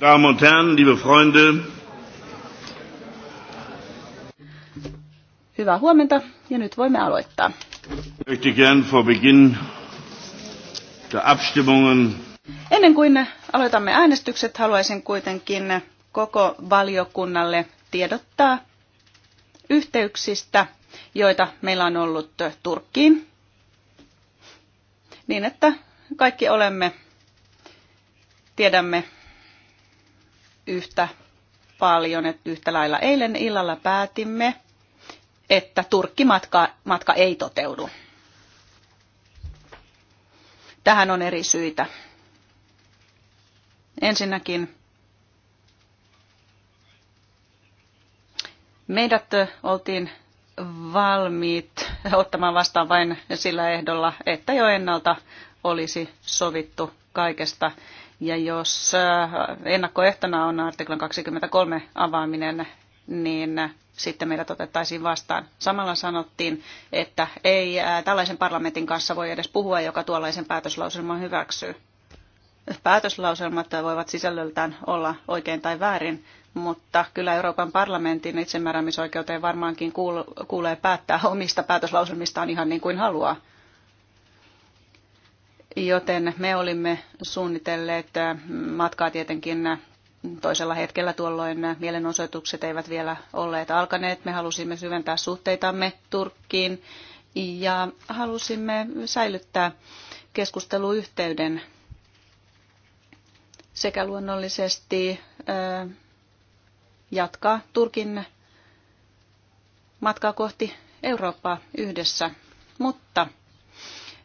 Damen und Herren, liebe Freunde. Hyvää huomenta ja nyt voimme aloittaa. Möchte gern vor Beginn der Abstimmungen. Ennen kuin aloitamme äänestykset, haluaisin kuitenkin koko valiokunnalle tiedottaa yhteyksistä, joita meillä on ollut Turkkiin, niin että kaikki olemme, tiedämme yhtä paljon, että yhtä lailla eilen illalla päätimme, että Turkki-matka matka ei toteudu. Tähän on eri syitä. Ensinnäkin meidät oltiin valmiit ottamaan vastaan vain sillä ehdolla, että jo ennalta olisi sovittu kaikesta. Ja jos äh, ennakkoehtona on artiklan 23 avaaminen, niin sitten meidät otettaisiin vastaan. Samalla sanottiin, että ei äh, tällaisen parlamentin kanssa voi edes puhua, joka tuollaisen päätöslauselman hyväksyy. Päätöslauselmat voivat sisällöltään olla oikein tai väärin, mutta kyllä Euroopan parlamentin itsemääräämisoikeuteen varmaankin kuulee päättää omista päätöslauselmistaan ihan niin kuin haluaa joten me olimme suunnitelleet äh, matkaa tietenkin toisella hetkellä tuolloin mielenosoitukset eivät vielä olleet alkaneet. Me halusimme syventää suhteitamme Turkkiin ja halusimme säilyttää keskusteluyhteyden sekä luonnollisesti äh, jatkaa Turkin matkaa kohti Eurooppaa yhdessä. Mutta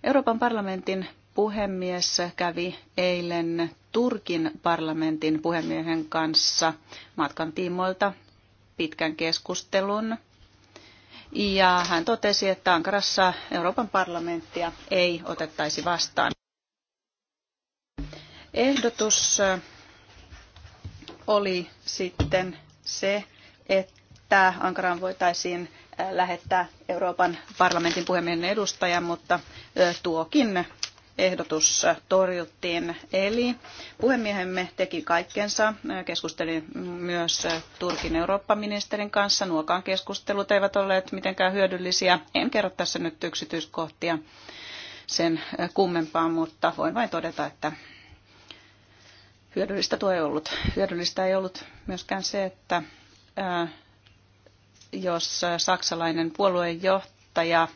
Euroopan parlamentin puhemies kävi eilen Turkin parlamentin puhemiehen kanssa matkan tiimoilta pitkän keskustelun. Ja hän totesi, että Ankarassa Euroopan parlamenttia ei otettaisi vastaan. Ehdotus oli sitten se, että Ankaraan voitaisiin äh, lähettää Euroopan parlamentin puhemiehen edustaja, mutta äh, tuokin ehdotus torjuttiin. Eli puhemiehemme teki kaikkensa. Keskustelin myös Turkin Eurooppa-ministerin kanssa. Nuokaan keskustelut eivät olleet mitenkään hyödyllisiä. En kerro tässä nyt yksityiskohtia sen kummempaa, mutta voin vain todeta, että hyödyllistä tuo ei ollut. Hyödyllistä ei ollut myöskään se, että jos saksalainen puoluejohtaja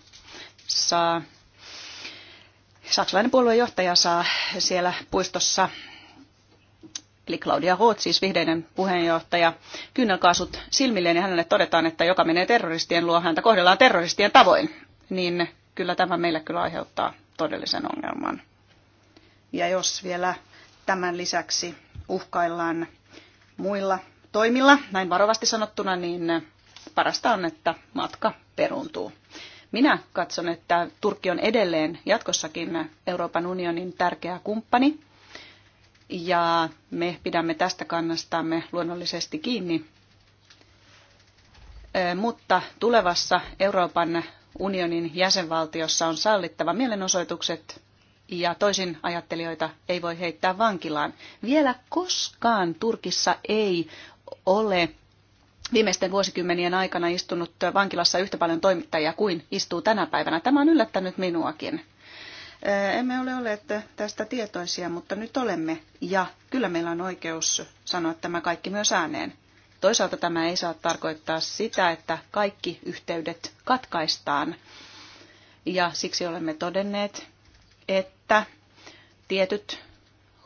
saa Saksalainen puoluejohtaja saa siellä puistossa, eli Claudia Roth, siis vihreiden puheenjohtaja, kynnelkaasut silmilleen ja hänelle todetaan, että joka menee terroristien luo, häntä kohdellaan terroristien tavoin. Niin kyllä tämä meillä kyllä aiheuttaa todellisen ongelman. Ja jos vielä tämän lisäksi uhkaillaan muilla toimilla, näin varovasti sanottuna, niin parasta on, että matka peruuntuu. Minä katson, että Turkki on edelleen jatkossakin Euroopan unionin tärkeä kumppani. Ja me pidämme tästä kannastamme luonnollisesti kiinni. Mutta tulevassa Euroopan unionin jäsenvaltiossa on sallittava mielenosoitukset ja toisin ajattelijoita ei voi heittää vankilaan. Vielä koskaan Turkissa ei ole viimeisten vuosikymmenien aikana istunut vankilassa yhtä paljon toimittajia kuin istuu tänä päivänä. Tämä on yllättänyt minuakin. Emme ole olleet tästä tietoisia, mutta nyt olemme. Ja kyllä meillä on oikeus sanoa tämä kaikki myös ääneen. Toisaalta tämä ei saa tarkoittaa sitä, että kaikki yhteydet katkaistaan. Ja siksi olemme todenneet, että tietyt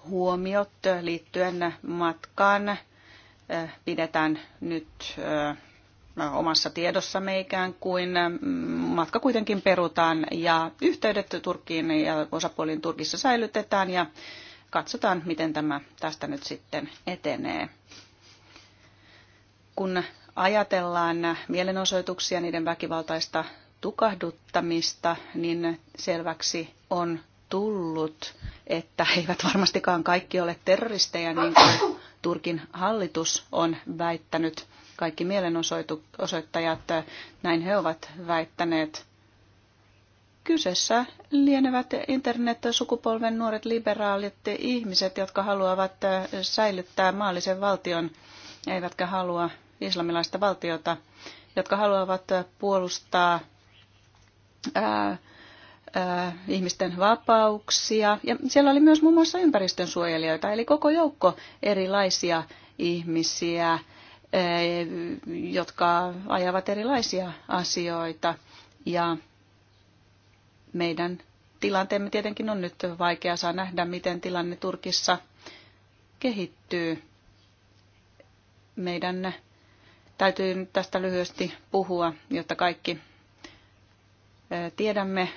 huomiot liittyen matkaan Äh, pidetään nyt äh, omassa tiedossamme ikään kuin. Mm, matka kuitenkin perutaan ja yhteydet Turkkiin ja osapuoliin Turkissa säilytetään ja katsotaan, miten tämä tästä nyt sitten etenee. Kun ajatellaan mielenosoituksia, niiden väkivaltaista tukahduttamista, niin selväksi on tullut, että eivät varmastikaan kaikki ole terroristeja, niin kuin Turkin hallitus on väittänyt, kaikki mielenosoittajat, näin he ovat väittäneet. Kyseessä lienevät internet-sukupolven nuoret liberaalit ihmiset, jotka haluavat säilyttää maallisen valtion, eivätkä halua islamilaista valtiota, jotka haluavat puolustaa ää, ihmisten vapauksia. Ja siellä oli myös muun muassa ympäristönsuojelijoita, eli koko joukko erilaisia ihmisiä, jotka ajavat erilaisia asioita. Ja meidän tilanteemme tietenkin on nyt vaikea saa nähdä, miten tilanne Turkissa kehittyy. Meidän täytyy nyt tästä lyhyesti puhua, jotta kaikki tiedämme,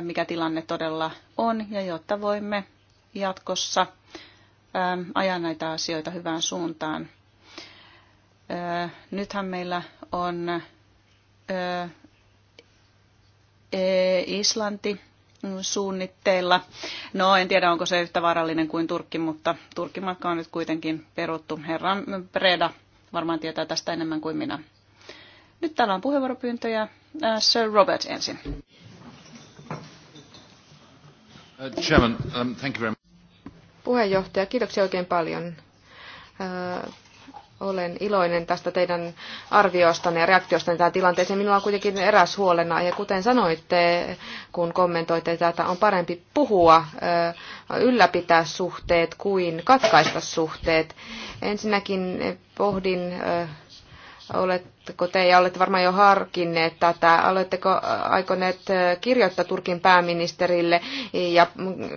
mikä tilanne todella on ja jotta voimme jatkossa ajaa näitä asioita hyvään suuntaan. Nythän meillä on e, Islanti mm, suunnitteilla. No en tiedä, onko se yhtä vaarallinen kuin Turkki, mutta Turkkimatka on nyt kuitenkin peruttu. Herran Breda varmaan tietää tästä enemmän kuin minä. Nyt täällä on puheenvuoropyyntöjä. Äh, Sir Robert ensin. Uh, Chairman, um, thank you very Puheenjohtaja, kiitoksia oikein paljon. Äh, olen iloinen tästä teidän arviostanne ja reaktiostanne tähän tilanteeseen. Minulla on kuitenkin eräs huolena, ja kuten sanoitte, kun kommentoitte tätä, on parempi puhua, äh, ylläpitää suhteet kuin katkaista suhteet. Ensinnäkin pohdin Oletteko te ja olette varmaan jo harkinneet tätä? Oletteko aikoneet kirjoittaa Turkin pääministerille ja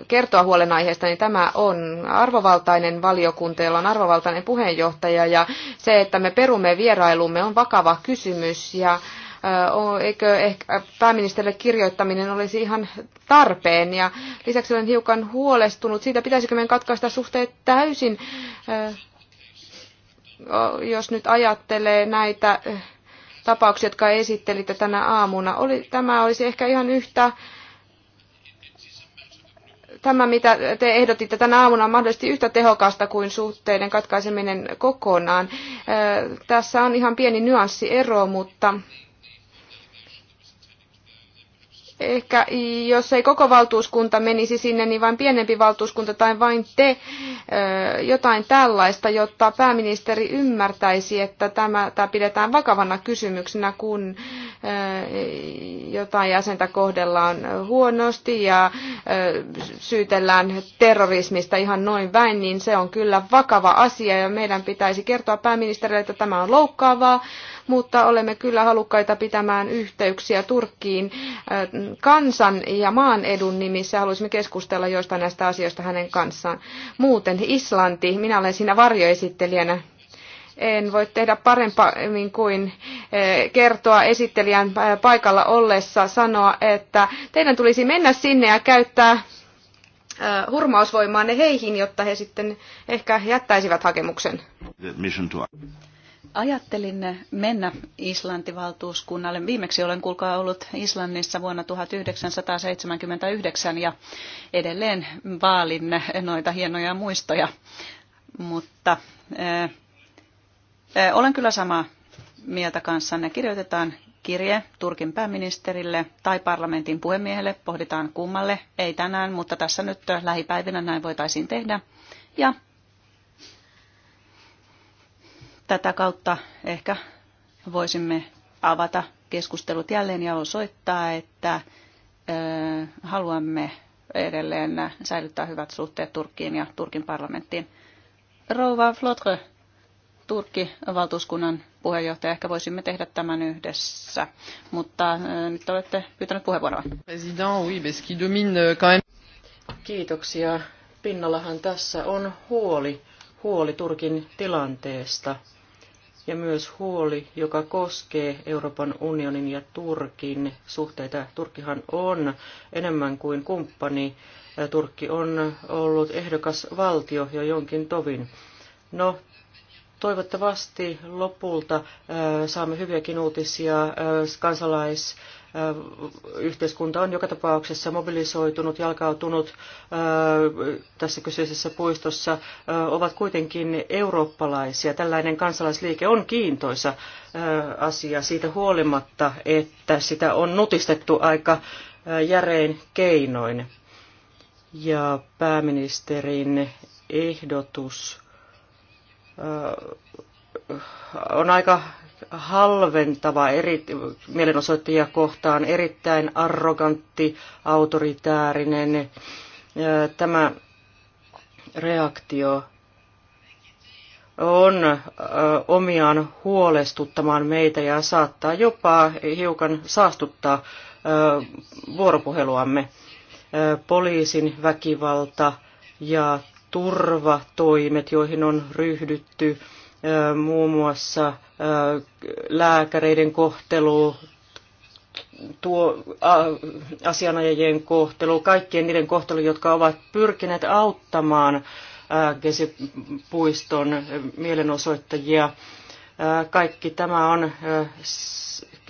kertoa huolenaiheesta? Niin tämä on arvovaltainen valiokunta, jolla on arvovaltainen puheenjohtaja ja se, että me perumme vierailumme on vakava kysymys ja eikö ehkä pääministerille kirjoittaminen olisi ihan tarpeen. Ja lisäksi olen hiukan huolestunut siitä, pitäisikö meidän katkaista suhteet täysin jos nyt ajattelee näitä tapauksia, jotka esittelitte tänä aamuna, oli, tämä olisi ehkä ihan yhtä tämä, mitä te ehdotitte tänä aamuna, on mahdollisesti yhtä tehokasta kuin suhteiden katkaiseminen kokonaan. Tässä on ihan pieni nyanssiero, mutta ehkä jos ei koko valtuuskunta menisi sinne, niin vain pienempi valtuuskunta tai vain te jotain tällaista, jotta pääministeri ymmärtäisi, että tämä, tämä pidetään vakavana kysymyksenä, kun jotain jäsentä kohdellaan huonosti ja syytellään terrorismista ihan noin väin, niin se on kyllä vakava asia ja meidän pitäisi kertoa pääministerille, että tämä on loukkaavaa, mutta olemme kyllä halukkaita pitämään yhteyksiä Turkkiin kansan ja maan edun nimissä. Haluaisimme keskustella joistain näistä asioista hänen kanssaan. Muuten Islanti, minä olen siinä varjoesittelijänä en voi tehdä paremmin kuin kertoa esittelijän paikalla ollessa sanoa, että teidän tulisi mennä sinne ja käyttää hurmausvoimaa ne heihin, jotta he sitten ehkä jättäisivät hakemuksen. Ajattelin mennä Islantivaltuuskunnalle. Viimeksi olen kuulkaa ollut Islannissa vuonna 1979 ja edelleen vaalin noita hienoja muistoja. Mutta äh, äh, olen kyllä samaa mieltä kanssanne. Kirjoitetaan kirje Turkin pääministerille tai parlamentin puhemiehelle, pohditaan kummalle, ei tänään, mutta tässä nyt lähipäivinä näin voitaisiin tehdä. Ja Tätä kautta ehkä voisimme avata keskustelut jälleen ja osoittaa, että haluamme edelleen säilyttää hyvät suhteet Turkkiin ja Turkin parlamenttiin. Rouva Flotre, Turkki-valtuuskunnan puheenjohtaja, ehkä voisimme tehdä tämän yhdessä, mutta nyt olette pyytänyt puheenvuoroa. Euh, Kiitoksia. Pinnallahan tässä on huoli, huoli Turkin tilanteesta ja myös huoli, joka koskee Euroopan unionin ja Turkin suhteita. Turkkihan on enemmän kuin kumppani. Turkki on ollut ehdokas valtio jo jonkin tovin. No, toivottavasti lopulta saamme hyviäkin uutisia kansalais yhteiskunta on joka tapauksessa mobilisoitunut, jalkautunut tässä kyseisessä puistossa, ovat kuitenkin eurooppalaisia. Tällainen kansalaisliike on kiintoisa asia siitä huolimatta, että sitä on nutistettu aika järein keinoin. Ja pääministerin ehdotus on aika halventava eri, mielenosoittajia kohtaan, erittäin arrogantti, autoritäärinen. Tämä reaktio on omiaan huolestuttamaan meitä ja saattaa jopa hiukan saastuttaa vuoropuheluamme. Poliisin väkivalta ja turvatoimet, joihin on ryhdytty, muun muassa lääkäreiden kohtelu, tuo, asianajajien kohtelu, kaikkien niiden kohtelu, jotka ovat pyrkineet auttamaan Gesipuiston mielenosoittajia. Kaikki tämä on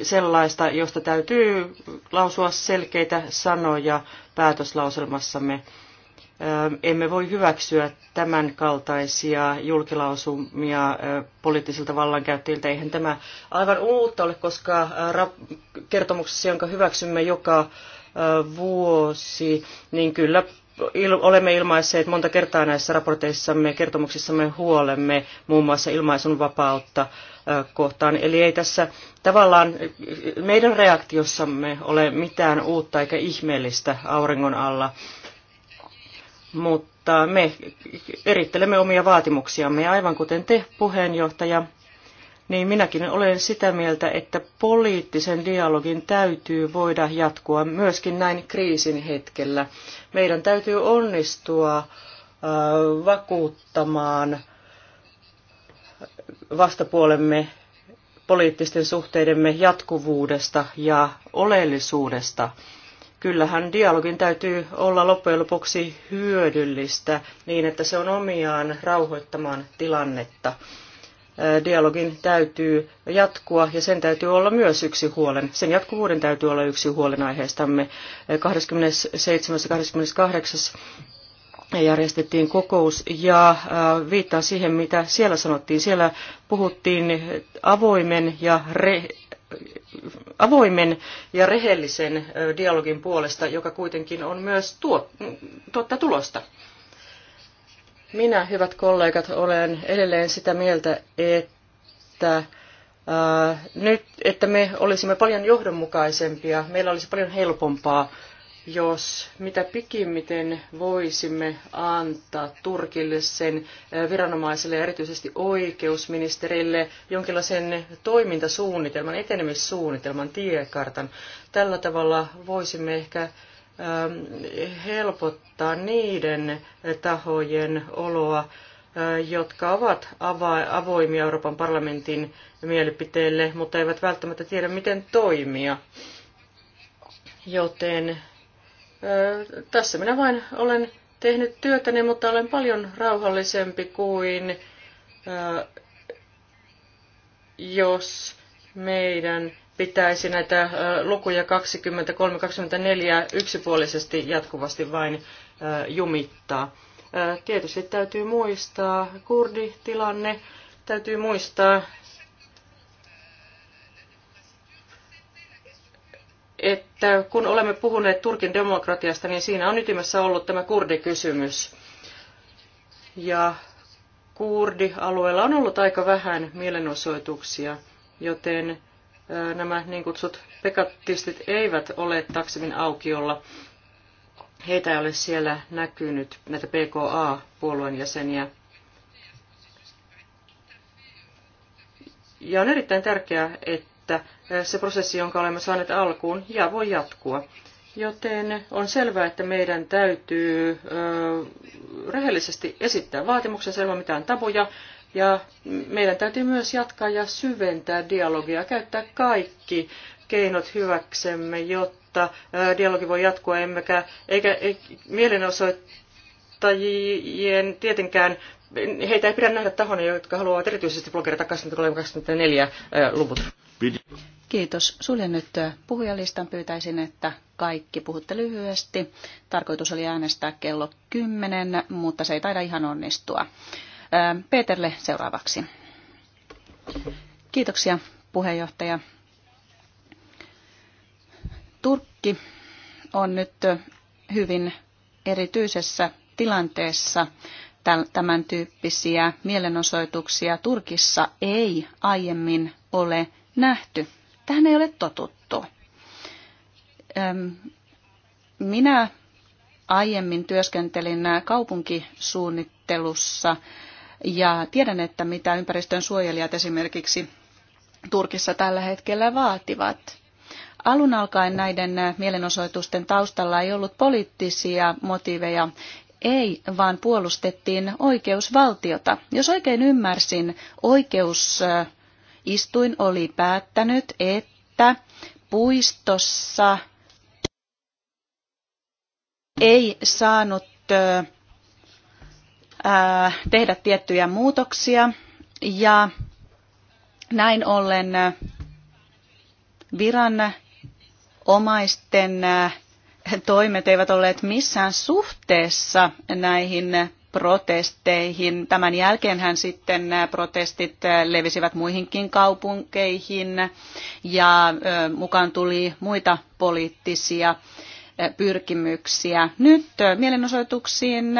sellaista, josta täytyy lausua selkeitä sanoja päätöslauselmassamme emme voi hyväksyä tämän kaltaisia julkilausumia poliittisilta vallankäyttäjiltä. Eihän tämä aivan uutta ole, koska kertomuksessa, jonka hyväksymme joka vuosi, niin kyllä olemme ilmaisseet monta kertaa näissä raporteissamme, kertomuksissamme huolemme muun muassa ilmaisun vapautta kohtaan. Eli ei tässä tavallaan meidän reaktiossamme ole mitään uutta eikä ihmeellistä auringon alla mutta me erittelemme omia vaatimuksiamme. Ja aivan kuten te, puheenjohtaja, niin minäkin olen sitä mieltä, että poliittisen dialogin täytyy voida jatkua myöskin näin kriisin hetkellä. Meidän täytyy onnistua äh, vakuuttamaan vastapuolemme poliittisten suhteidemme jatkuvuudesta ja oleellisuudesta – kyllähän dialogin täytyy olla loppujen lopuksi hyödyllistä niin, että se on omiaan rauhoittamaan tilannetta. Dialogin täytyy jatkua ja sen täytyy olla myös yksi huolen. Sen jatkuvuuden täytyy olla yksi huolenaiheistamme. 27. ja 28 järjestettiin kokous ja viittaan siihen, mitä siellä sanottiin. Siellä puhuttiin avoimen ja re- avoimen ja rehellisen dialogin puolesta, joka kuitenkin on myös tuo, tuottaa tulosta. Minä, hyvät kollegat, olen edelleen sitä mieltä, että nyt, että me olisimme paljon johdonmukaisempia, meillä olisi paljon helpompaa jos mitä pikimmiten voisimme antaa Turkille sen viranomaisille ja erityisesti oikeusministerille jonkinlaisen toimintasuunnitelman, etenemissuunnitelman, tiekartan. Tällä tavalla voisimme ehkä ähm, helpottaa niiden tahojen oloa, jotka ovat avoimia Euroopan parlamentin mielipiteelle, mutta eivät välttämättä tiedä, miten toimia. Joten tässä minä vain olen tehnyt työtäni, mutta olen paljon rauhallisempi kuin jos meidän pitäisi näitä lukuja 23-24 yksipuolisesti jatkuvasti vain jumittaa. Tietysti täytyy muistaa kurditilanne, täytyy muistaa että kun olemme puhuneet Turkin demokratiasta, niin siinä on ytimessä ollut tämä kurdikysymys. Ja kurdialueella on ollut aika vähän mielenosoituksia, joten nämä niin kutsut pekattistit eivät ole Taksimin aukiolla. Heitä ei ole siellä näkynyt, näitä PKA-puolueen jäseniä. Ja on erittäin tärkeää, että että eh, se prosessi, jonka olemme saaneet alkuun, ja voi jatkua. Joten on selvää, että meidän täytyy ö, eh, rehellisesti esittää vaatimuksensa ilman mitään tapoja. ja meidän täytyy myös jatkaa ja syventää dialogia, käyttää kaikki keinot hyväksemme, jotta ö, eh, dialogi voi jatkua, emmekä, eikä ei, mielenosoittajien tietenkään, heitä ei pidä nähdä tahona, jotka haluavat erityisesti blogerata 2024 luvut. Kiitos. Suljen nyt puhujalistan. Pyytäisin, että kaikki puhutte lyhyesti. Tarkoitus oli äänestää kello 10, mutta se ei taida ihan onnistua. Peterle seuraavaksi. Kiitoksia puheenjohtaja. Turkki on nyt hyvin erityisessä tilanteessa tämän tyyppisiä mielenosoituksia Turkissa ei aiemmin ole nähty. Tähän ei ole totuttu. Minä aiemmin työskentelin kaupunkisuunnittelussa ja tiedän, että mitä ympäristön suojelijat esimerkiksi Turkissa tällä hetkellä vaativat. Alun alkaen näiden mielenosoitusten taustalla ei ollut poliittisia motiveja, ei, vaan puolustettiin oikeusvaltiota. Jos oikein ymmärsin, oikeus Istuin oli päättänyt, että puistossa ei saanut ää, tehdä tiettyjä muutoksia ja näin ollen viranomaisten toimet eivät olleet missään suhteessa näihin protesteihin. Tämän jälkeen hän sitten protestit levisivät muihinkin kaupunkeihin ja mukaan tuli muita poliittisia pyrkimyksiä. Nyt mielenosoituksiin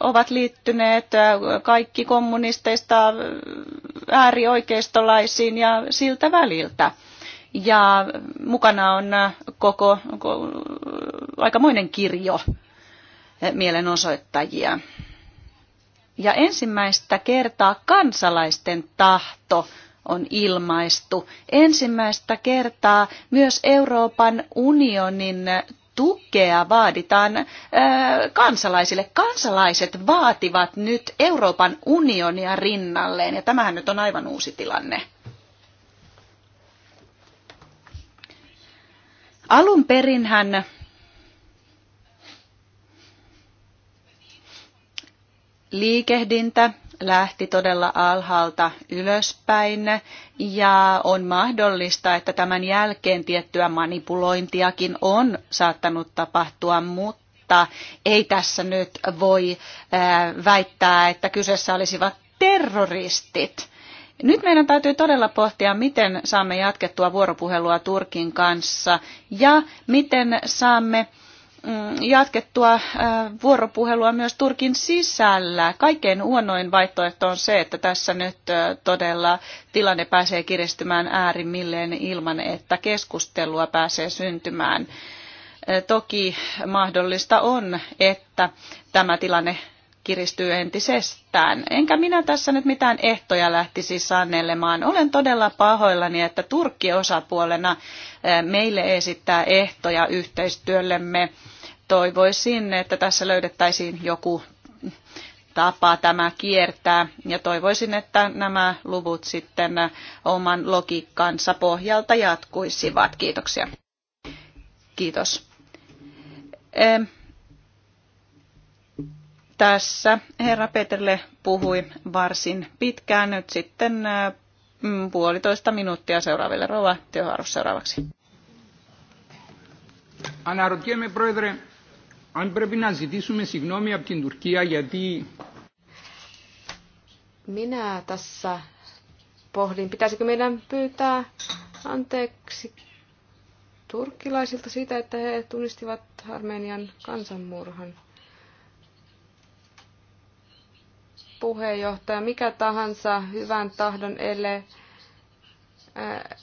ovat liittyneet kaikki kommunisteista äärioikeistolaisiin ja siltä väliltä. Ja mukana on koko, koko aikamoinen kirjo mielenosoittajia. Ja ensimmäistä kertaa kansalaisten tahto on ilmaistu. Ensimmäistä kertaa myös Euroopan unionin tukea vaaditaan ö, äh, kansalaisille. Kansalaiset vaativat nyt Euroopan unionia rinnalleen, ja tämähän nyt on aivan uusi tilanne. Alun hän liikehdintä lähti todella alhaalta ylöspäin ja on mahdollista, että tämän jälkeen tiettyä manipulointiakin on saattanut tapahtua, mutta ei tässä nyt voi väittää, että kyseessä olisivat terroristit. Nyt meidän täytyy todella pohtia, miten saamme jatkettua vuoropuhelua Turkin kanssa ja miten saamme Mm, jatkettua äh, vuoropuhelua myös Turkin sisällä. Kaikkein huonoin vaihtoehto on se, että tässä nyt äh, todella tilanne pääsee kiristymään äärimmilleen ilman, että keskustelua pääsee syntymään. Äh, toki mahdollista on, että tämä tilanne kiristyy entisestään. Enkä minä tässä nyt mitään ehtoja lähtisi sannelemaan. Olen todella pahoillani, että Turkki osapuolena eh, meille esittää ehtoja yhteistyöllemme. Toivoisin, että tässä löydettäisiin joku tapa tämä kiertää ja toivoisin, että nämä luvut sitten oman logiikkansa pohjalta jatkuisivat. Kiitoksia. Kiitos. Eh, tässä herra Peterle puhui varsin pitkään. Nyt sitten äh, mm, puolitoista minuuttia seuraaville. rouva Työharus seuraavaksi. Αναρωτιέμαι, Πρόεδρε, αν πρέπει να ζητήσουμε συγγνώμη από την Τουρκία γιατί... Minä tässä pohdin, pitäisikö meidän pyytää anteeksi turkkilaisilta siitä, että he tunnistivat Armenian kansanmurhan. puheenjohtaja, mikä tahansa hyvän tahdon ele äh,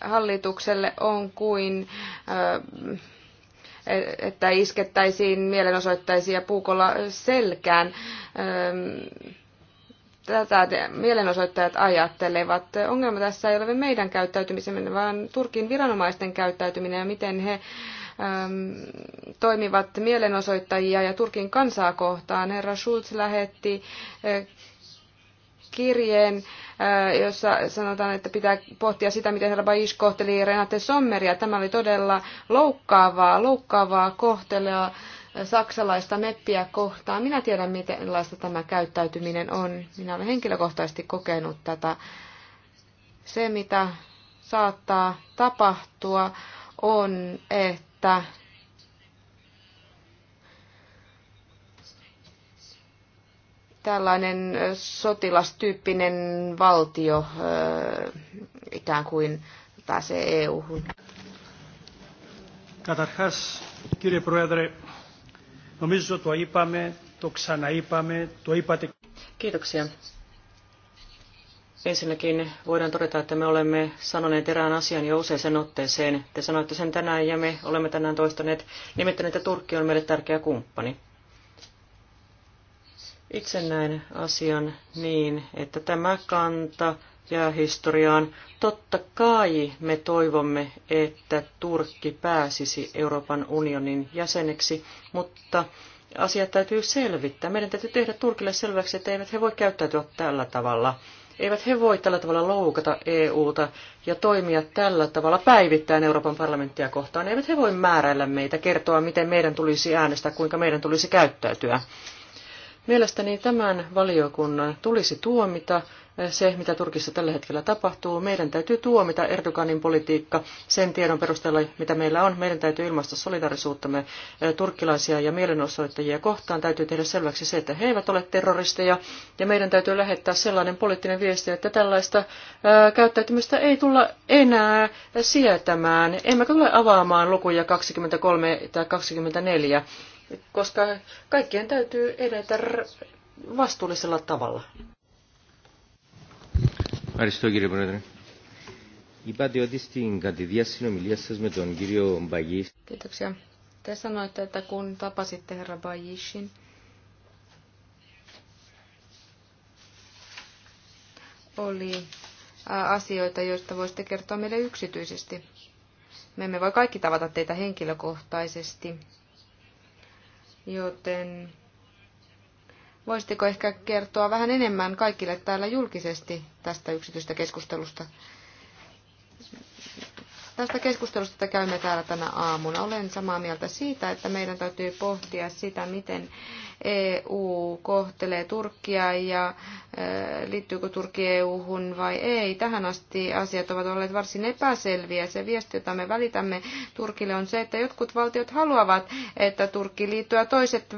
hallitukselle on kuin äh, e-, että iskettäisiin mielenosoittajia puukolla selkään. Ähm, tätä mielenosoittajat ajattelevat. Ongelma tässä ei ole meidän käyttäytymisemme, vaan Turkin viranomaisten käyttäytyminen ja miten he ähm, toimivat mielenosoittajia ja Turkin kansaa kohtaan. Herra Schulz lähetti äh, kirjeen, äh, jossa sanotaan, että pitää pohtia sitä, miten herra Baish kohteli Renate Sommeria. Tämä oli todella loukkaavaa, loukkaavaa kohtelua saksalaista meppiä kohtaan. Minä tiedän, millaista tämä käyttäytyminen on. Minä olen henkilökohtaisesti kokenut tätä. Se, mitä saattaa tapahtua, on, että tällainen sotilastyyppinen valtio ikään kuin pääsee EU-hun? Καταρχάς, κύριε Πρόεδρε, νομίζω το είπαμε, το ξαναείπαμε, το είπατε. Kiitoksia. Ensinnäkin voidaan todeta, että me olemme sanoneet erään asian jo useaseen otteeseen. Te sanoitte sen tänään ja me olemme tänään toistaneet nimittäin, että Turkki on meille tärkeä kumppani. Itse näen asian niin, että tämä kanta jää historiaan. Totta kai me toivomme, että Turkki pääsisi Euroopan unionin jäseneksi, mutta asiat täytyy selvittää. Meidän täytyy tehdä Turkille selväksi, että eivät he voi käyttäytyä tällä tavalla. Eivät he voi tällä tavalla loukata EUta ja toimia tällä tavalla päivittäin Euroopan parlamenttia kohtaan. Eivät he voi määräillä meitä, kertoa, miten meidän tulisi äänestää, kuinka meidän tulisi käyttäytyä. Mielestäni tämän valiokunnan tulisi tuomita se, mitä Turkissa tällä hetkellä tapahtuu. Meidän täytyy tuomita Erdoganin politiikka sen tiedon perusteella, mitä meillä on. Meidän täytyy ilmaista solidarisuuttamme eh, turkkilaisia ja mielenosoittajia kohtaan. Täytyy tehdä selväksi se, että he eivät ole terroristeja. Ja meidän täytyy lähettää sellainen poliittinen viesti, että tällaista eh, käyttäytymistä ei tulla enää sietämään. Emmekä tule avaamaan lukuja 23 tai 24 koska kaikkien täytyy edetä vastuullisella tavalla. Kiitoksia. te sanoitte, että kun tapasitte herra Bajishin, oli asioita, joista voisitte kertoa meille yksityisesti. Me emme voi kaikki tavata teitä henkilökohtaisesti joten voisitteko ehkä kertoa vähän enemmän kaikille täällä julkisesti tästä yksityistä keskustelusta? tästä keskustelusta, jota käymme täällä tänä aamuna. Olen samaa mieltä siitä, että meidän täytyy pohtia sitä, miten EU kohtelee Turkkia ja e, liittyykö Turkki EU-hun vai ei. Tähän asti asiat ovat olleet varsin epäselviä. Se viesti, jota me välitämme Turkille, on se, että jotkut valtiot haluavat, että Turkki liittyy ja toiset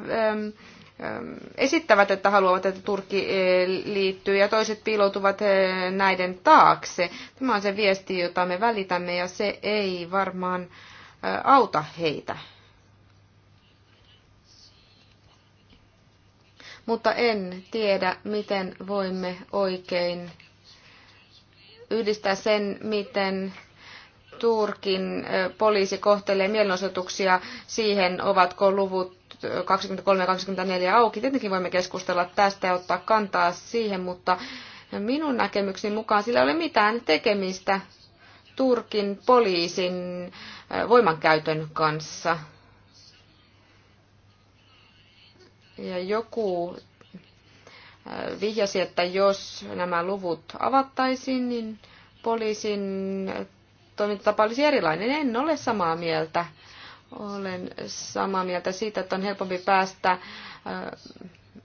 esittävät, että haluavat, että Turkki e, liittyy ja toiset piiloutuvat e, näiden taakse. Tämä on se viesti, jota me välitämme ja se ei varmaan auta heitä. Mutta en tiedä, miten voimme oikein yhdistää sen, miten Turkin poliisi kohtelee mielenosoituksia siihen, ovatko luvut 23 ja auki. Tietenkin voimme keskustella tästä ja ottaa kantaa siihen, mutta minun näkemykseni mukaan sillä ei ole mitään tekemistä Turkin poliisin äh, voimankäytön kanssa. Ja joku äh, vihjasi, että jos nämä luvut avattaisiin, niin poliisin toimintatapa olisi erilainen. En ole samaa mieltä. Olen samaa mieltä siitä, että on helpompi päästä äh,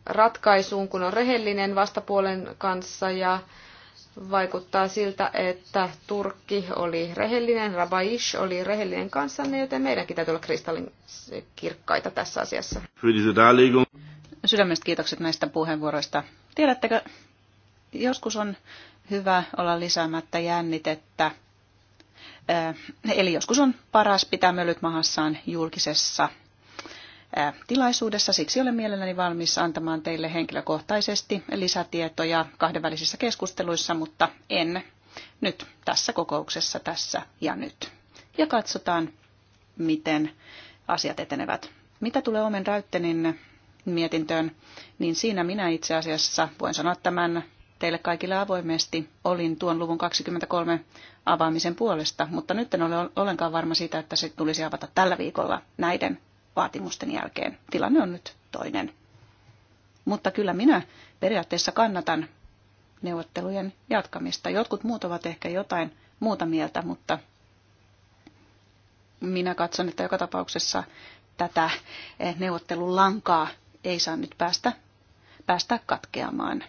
ratkaisuun, kun on rehellinen vastapuolen kanssa ja vaikuttaa siltä, että Turkki oli rehellinen, Rabaish oli rehellinen kanssanne, joten meidänkin täytyy olla kristallin kirkkaita tässä asiassa. Sydämestä kiitokset näistä puheenvuoroista. Tiedättekö, joskus on hyvä olla lisäämättä jännitettä Eli joskus on paras pitää mölyt mahassaan julkisessa tilaisuudessa. Siksi olen mielelläni valmis antamaan teille henkilökohtaisesti lisätietoja kahdenvälisissä keskusteluissa, mutta en nyt tässä kokouksessa, tässä ja nyt. Ja katsotaan, miten asiat etenevät. Mitä tulee Omen Räyttenin mietintöön, niin siinä minä itse asiassa voin sanoa tämän teille kaikille avoimesti, olin tuon luvun 23 avaamisen puolesta, mutta nyt en ole ollenkaan varma siitä, että se tulisi avata tällä viikolla näiden vaatimusten jälkeen. Tilanne on nyt toinen. Mutta kyllä minä periaatteessa kannatan neuvottelujen jatkamista. Jotkut muut ovat ehkä jotain muuta mieltä, mutta minä katson, että joka tapauksessa tätä eh, neuvottelun lankaa ei saa nyt päästä, päästä katkeamaan.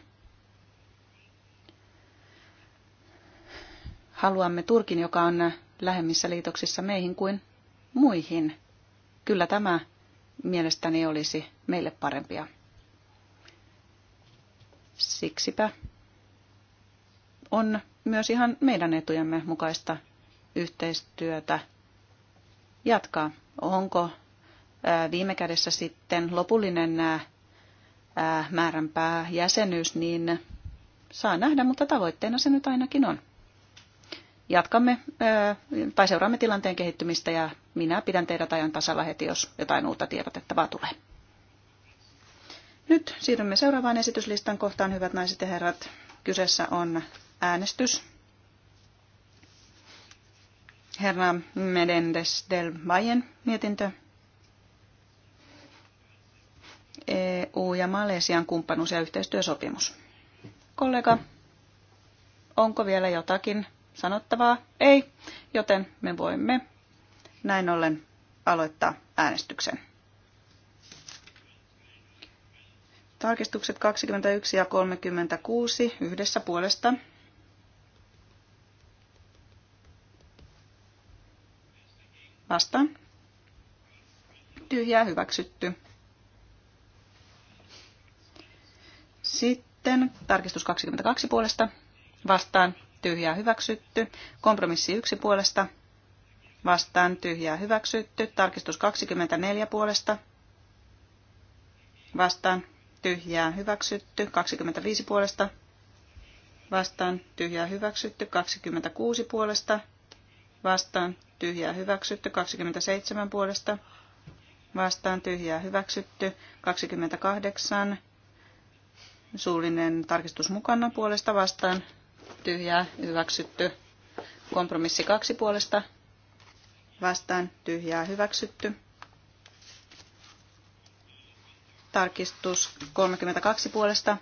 haluamme Turkin, joka on lähemmissä liitoksissa meihin kuin muihin. Kyllä tämä mielestäni olisi meille parempia. Siksipä on myös ihan meidän etujemme mukaista yhteistyötä jatkaa. Onko viime kädessä sitten lopullinen määränpää jäsenyys, niin saa nähdä, mutta tavoitteena se nyt ainakin on jatkamme tai seuraamme tilanteen kehittymistä ja minä pidän teidät ajan tasalla heti, jos jotain uutta tiedotettavaa tulee. Nyt siirrymme seuraavaan esityslistan kohtaan, hyvät naiset ja herrat. Kyseessä on äänestys. Herra Medendes del Vajen mietintö. EU ja Malesian kumppanuus- ja yhteistyösopimus. Kollega, onko vielä jotakin sanottavaa? Ei, joten me voimme näin ollen aloittaa äänestyksen. Tarkistukset 21 ja 36 yhdessä puolesta. Vastaan. Tyhjää hyväksytty. Sitten tarkistus 22 puolesta. Vastaan tyhjää hyväksytty. Kompromissi 1 puolesta vastaan tyhjää hyväksytty. Tarkistus 24 puolesta vastaan tyhjää hyväksytty. 25 puolesta vastaan tyhjää hyväksytty. 26 puolesta vastaan tyhjää hyväksytty. 27 puolesta vastaan tyhjää hyväksytty. 28 suullinen tarkistus mukana puolesta vastaan tyhjää, hyväksytty. Kompromissi kaksi puolesta, vastaan, tyhjää, hyväksytty. Tarkistus 32 puolesta,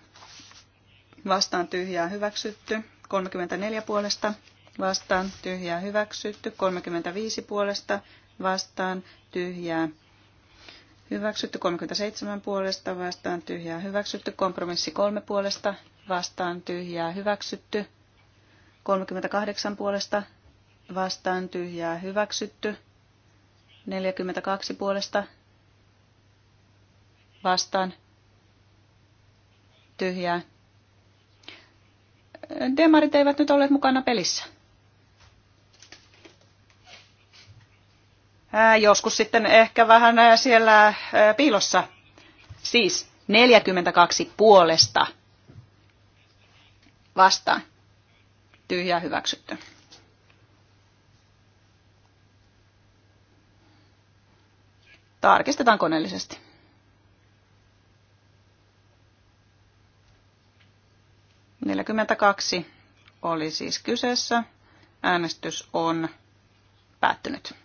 vastaan, tyhjää, hyväksytty. 34 puolesta, vastaan, tyhjää, hyväksytty. 35 puolesta, vastaan, tyhjää, Hyväksytty 37 puolesta, vastaan tyhjää. Hyväksytty kompromissi kolme puolesta, vastaan tyhjää. Hyväksytty 38 puolesta vastaan tyhjää hyväksytty. 42 puolesta vastaan tyhjää. Demarit eivät nyt olleet mukana pelissä. Ää, joskus sitten ehkä vähän ää, siellä ää, piilossa. Siis 42 puolesta vastaan tyhjää hyväksytty. Tarkistetaan koneellisesti. Neljäkymmentäkaksi oli siis kyseessä. Äänestys on päättynyt.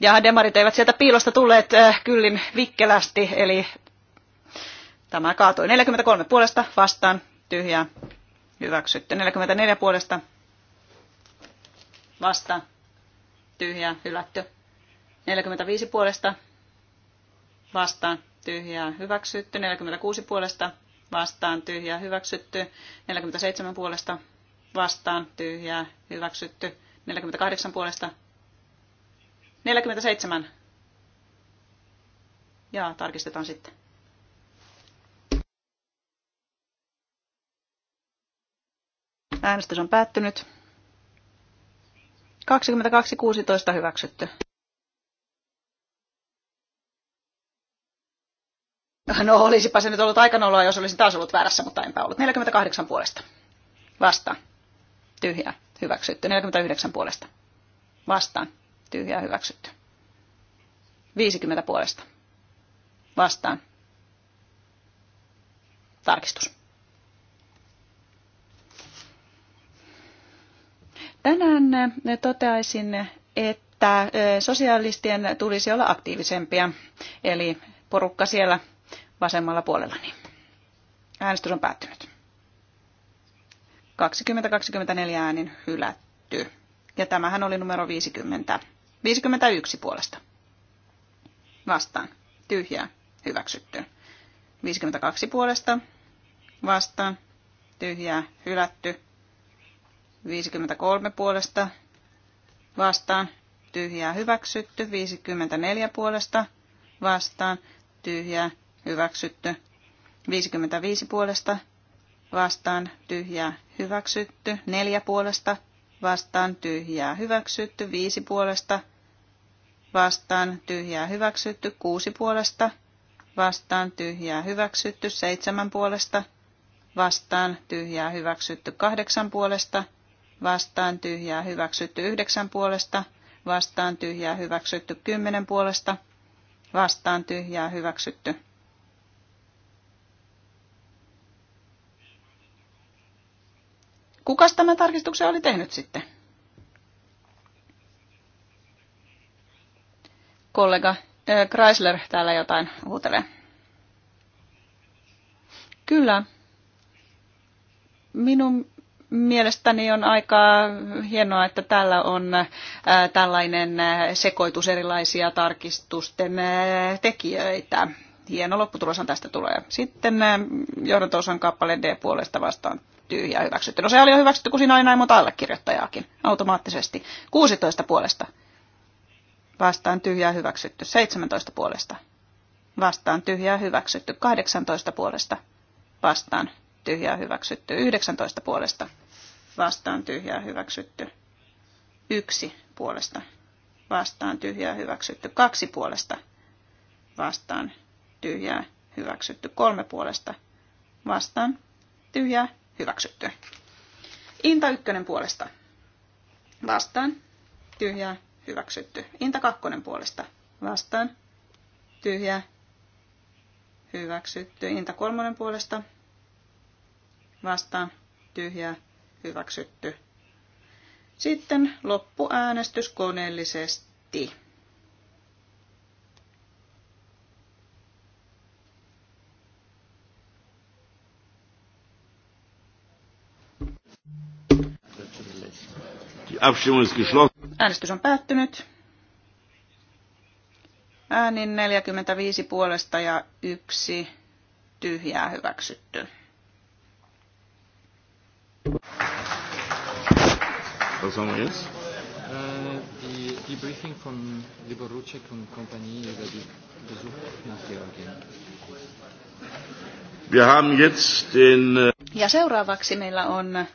Ja demarit eivät sieltä piilosta tulleet äh, kyllin vikkelästi, eli tämä kaatui 43 puolesta vastaan, tyhjää, hyväksytty. 44 puolesta vastaan, tyhjää, hylätty. 45 puolesta vastaan, tyhjää, hyväksytty. 46 puolesta vastaan, tyhjää, hyväksytty. 47 puolesta vastaan, tyhjää, hyväksytty. 48 puolesta 47. Ja tarkistetaan sitten. Äänestys on päättynyt. 22.16 hyväksytty. No olisipa se nyt ollut aikanoloa, jos olisin taas ollut väärässä, mutta enpä ollut. 48 puolesta. Vastaan. Tyhjä. Hyväksytty. 49 puolesta. Vastaan tyhjää hyväksytty. 50 puolesta. Vastaan. Tarkistus. Tänään eh, toteaisin, että eh, sosialistien tulisi olla aktiivisempia, eli porukka siellä vasemmalla puolellani. Niin. Äänestys on päättynyt. 20-24 äänin hylätty. Ja tämähän oli numero 50. 51 puolesta. Vastaan. Tyhjää. Hyväksytty. 52 puolesta. Vastaan. Tyhjää. Hylätty. 53 puolesta. Vastaan. Tyhjää. Hyväksytty. 54 puolesta. Vastaan. Tyhjää. Hyväksytty. 55 puolesta. Vastaan. Tyhjää. Hyväksytty. 4 puolesta vastaan tyhjää hyväksytty, viisi puolesta vastaan tyhjää hyväksytty, kuusi puolesta vastaan tyhjää hyväksytty, seitsemän puolesta vastaan tyhjää hyväksytty, kahdeksan puolesta vastaan tyhjää hyväksytty, yhdeksän puolesta vastaan tyhjää hyväksytty, kymmenen puolesta vastaan tyhjää hyväksytty. Kukas tämän tarkistuksen oli tehnyt sitten? Kollega äh, Chrysler täällä jotain huutelee. Kyllä. Minun mielestäni on aika hienoa, että täällä on tällainen sekoitus erilaisia tarkistusten tekijöitä. Hieno lopputuloshan tästä tulee. Sitten johdantosan kappale D puolesta vastaan tyhjää hyväksytty. No se oli jo hyväksytty, kun siinä oli näin monta allekirjoittajaakin automaattisesti. 16 puolesta vastaan tyhjää hyväksytty. 17 puolesta vastaan tyhjää hyväksytty. 18 puolesta vastaan tyhjää hyväksytty. 19 puolesta vastaan tyhjää hyväksytty. 1 puolesta vastaan tyhjää hyväksytty. 2 puolesta vastaan tyhjää hyväksytty. 3 puolesta vastaan tyhjää Hyväksytty. Inta ykkönen puolesta. Vastaan. Tyhjää. Hyväksytty. Inta kakkonen puolesta. Vastaan. Tyhjää. Hyväksytty. Inta kolmonen puolesta. Vastaan. Tyhjää. Hyväksytty. Sitten loppuäänestys koneellisesti. Äänestys on päättynyt. Äänin 45 puolesta ja yksi tyhjää hyväksytty. Äh, äh, ja seuraavaksi meillä on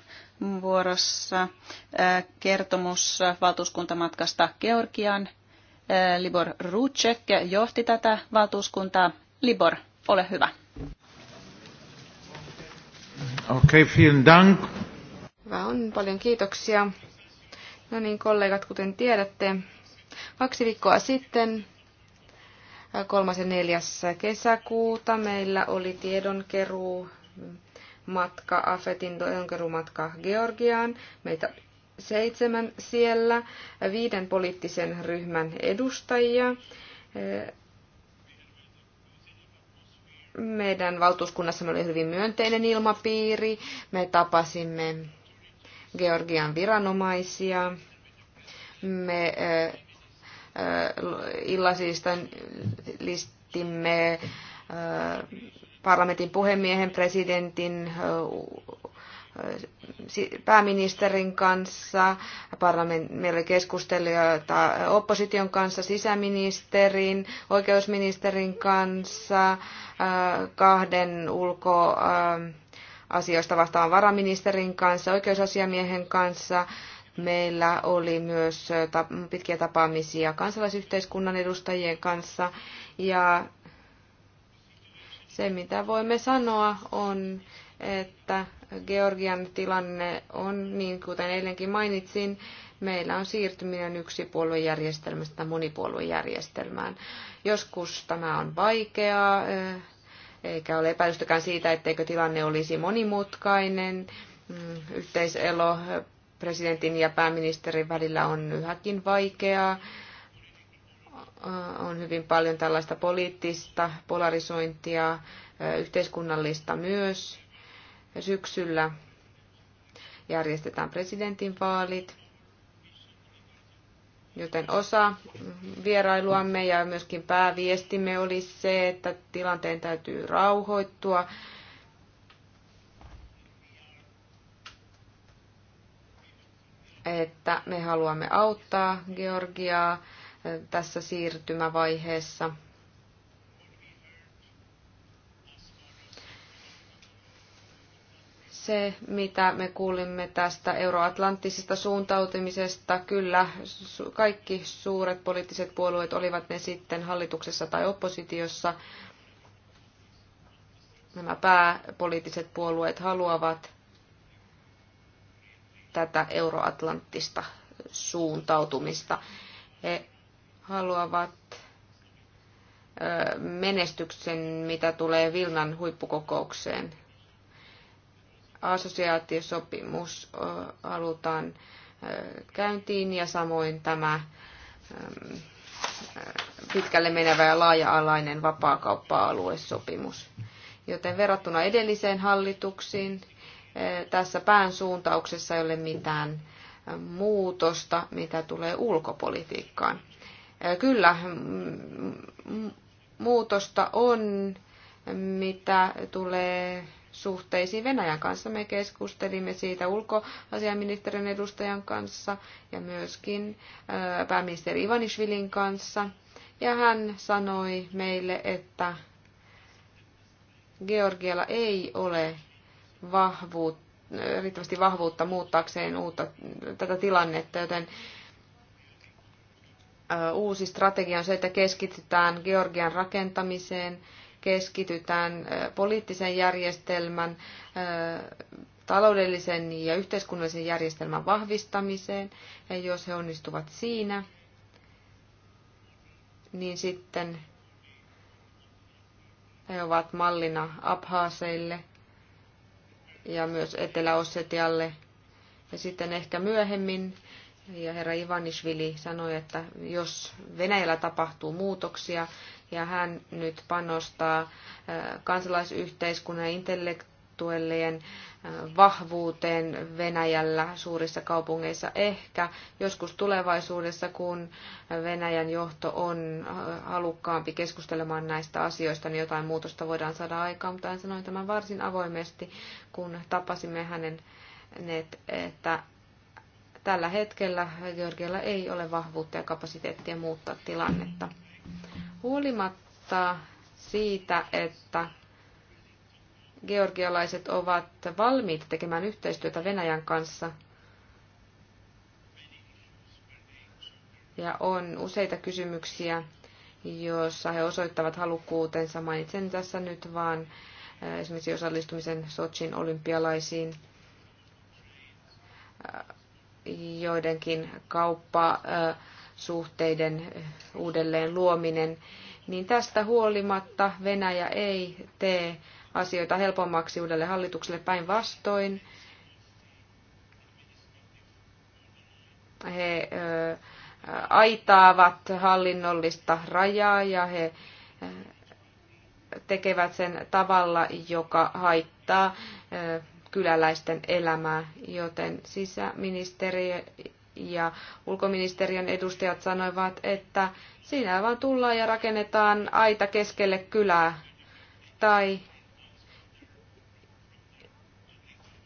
vuorossa äh, kertomus valtuuskuntamatkasta Georgian. Äh, Libor Rucek johti tätä valtuuskuntaa. Libor, ole hyvä. Okei, okay, vielen dank. Hyvä on, paljon kiitoksia. No niin, kollegat, kuten tiedätte, kaksi viikkoa sitten 3. Äh, ja 4. kesäkuuta meillä oli tiedonkeruu matka, Afetin lonkerumatka Georgiaan. Meitä seitsemän siellä, viiden poliittisen ryhmän edustajia. Meidän valtuuskunnassamme oli hyvin myönteinen ilmapiiri. Me tapasimme Georgian viranomaisia. Me eh, eh, illasista listimme eh, parlamentin puhemiehen, presidentin, pääministerin kanssa, meillä oli keskustelijoita opposition kanssa, sisäministerin, oikeusministerin kanssa, kahden ulko asioista vastaavan varaministerin kanssa, oikeusasiamiehen kanssa. Meillä oli myös pitkiä tapaamisia kansalaisyhteiskunnan edustajien kanssa ja se, mitä voimme sanoa, on, että Georgian tilanne on, niin kuten eilenkin mainitsin, meillä on siirtyminen yksipuoluejärjestelmästä monipuoluejärjestelmään. Joskus tämä on vaikeaa, eh, eikä ole epäilystäkään siitä, etteikö tilanne olisi monimutkainen. Mm, yhteiselo eh, presidentin ja pääministerin välillä on yhäkin vaikeaa. Äh, on hyvin paljon tällaista poliittista polarisointia, äh, yhteiskunnallista myös. Syksyllä järjestetään presidentinvaalit, joten osa vierailuamme ja myöskin pääviestimme oli se, että tilanteen täytyy rauhoittua. että me haluamme auttaa Georgiaa tässä siirtymävaiheessa. se, mitä me kuulimme tästä euroatlanttisesta suuntautumisesta, kyllä kaikki suuret poliittiset puolueet, olivat ne sitten hallituksessa tai oppositiossa, nämä pääpoliittiset puolueet haluavat tätä euroatlanttista suuntautumista haluavat menestyksen, mitä tulee Vilnan huippukokoukseen. Assosiaatiosopimus halutaan käyntiin ja samoin tämä pitkälle menevä ja laaja-alainen vapaakauppa-aluesopimus. Joten verrattuna edelliseen hallituksiin tässä päänsuuntauksessa ei ole mitään muutosta, mitä tulee ulkopolitiikkaan. Kyllä, muutosta on, mitä tulee suhteisiin Venäjän kanssa. Me keskustelimme siitä ulkoasiaministerin edustajan kanssa ja myöskin pääministeri Ivanishvilin kanssa. Ja hän sanoi meille, että Georgialla ei ole vahvuutta, riittävästi vahvuutta muuttaakseen uutta, tätä tilannetta, joten uusi strategia on se, että keskitytään Georgian rakentamiseen, keskitytään poliittisen järjestelmän, taloudellisen ja yhteiskunnallisen järjestelmän vahvistamiseen, ja jos he onnistuvat siinä, niin sitten he ovat mallina Abhaaseille ja myös Etelä-Ossetialle. Ja sitten ehkä myöhemmin ja herra Ivanishvili sanoi, että jos Venäjällä tapahtuu muutoksia ja hän nyt panostaa äh, kansalaisyhteiskunnan ja intellektuellien äh, vahvuuteen Venäjällä suurissa kaupungeissa ehkä joskus tulevaisuudessa, kun Venäjän johto on äh, halukkaampi keskustelemaan näistä asioista, niin jotain muutosta voidaan saada aikaan. Mutta hän sanoi tämän varsin avoimesti, kun tapasimme hänen, että Tällä hetkellä Georgialla ei ole vahvuutta ja kapasiteettia muuttaa tilannetta. Huolimatta siitä, että georgialaiset ovat valmiit tekemään yhteistyötä Venäjän kanssa, ja on useita kysymyksiä, joissa he osoittavat halukkuutensa. Mainitsen tässä nyt vaan eh, esimerkiksi osallistumisen Sochin olympialaisiin, joidenkin kauppasuhteiden uudelleen luominen, niin tästä huolimatta Venäjä ei tee asioita helpommaksi uudelle hallitukselle päinvastoin. He aitaavat hallinnollista rajaa ja he tekevät sen tavalla, joka haittaa kyläläisten elämää, joten sisäministeriö ja ulkoministeriön edustajat sanoivat, että siinä vaan tullaan ja rakennetaan aita keskelle kylää. Tai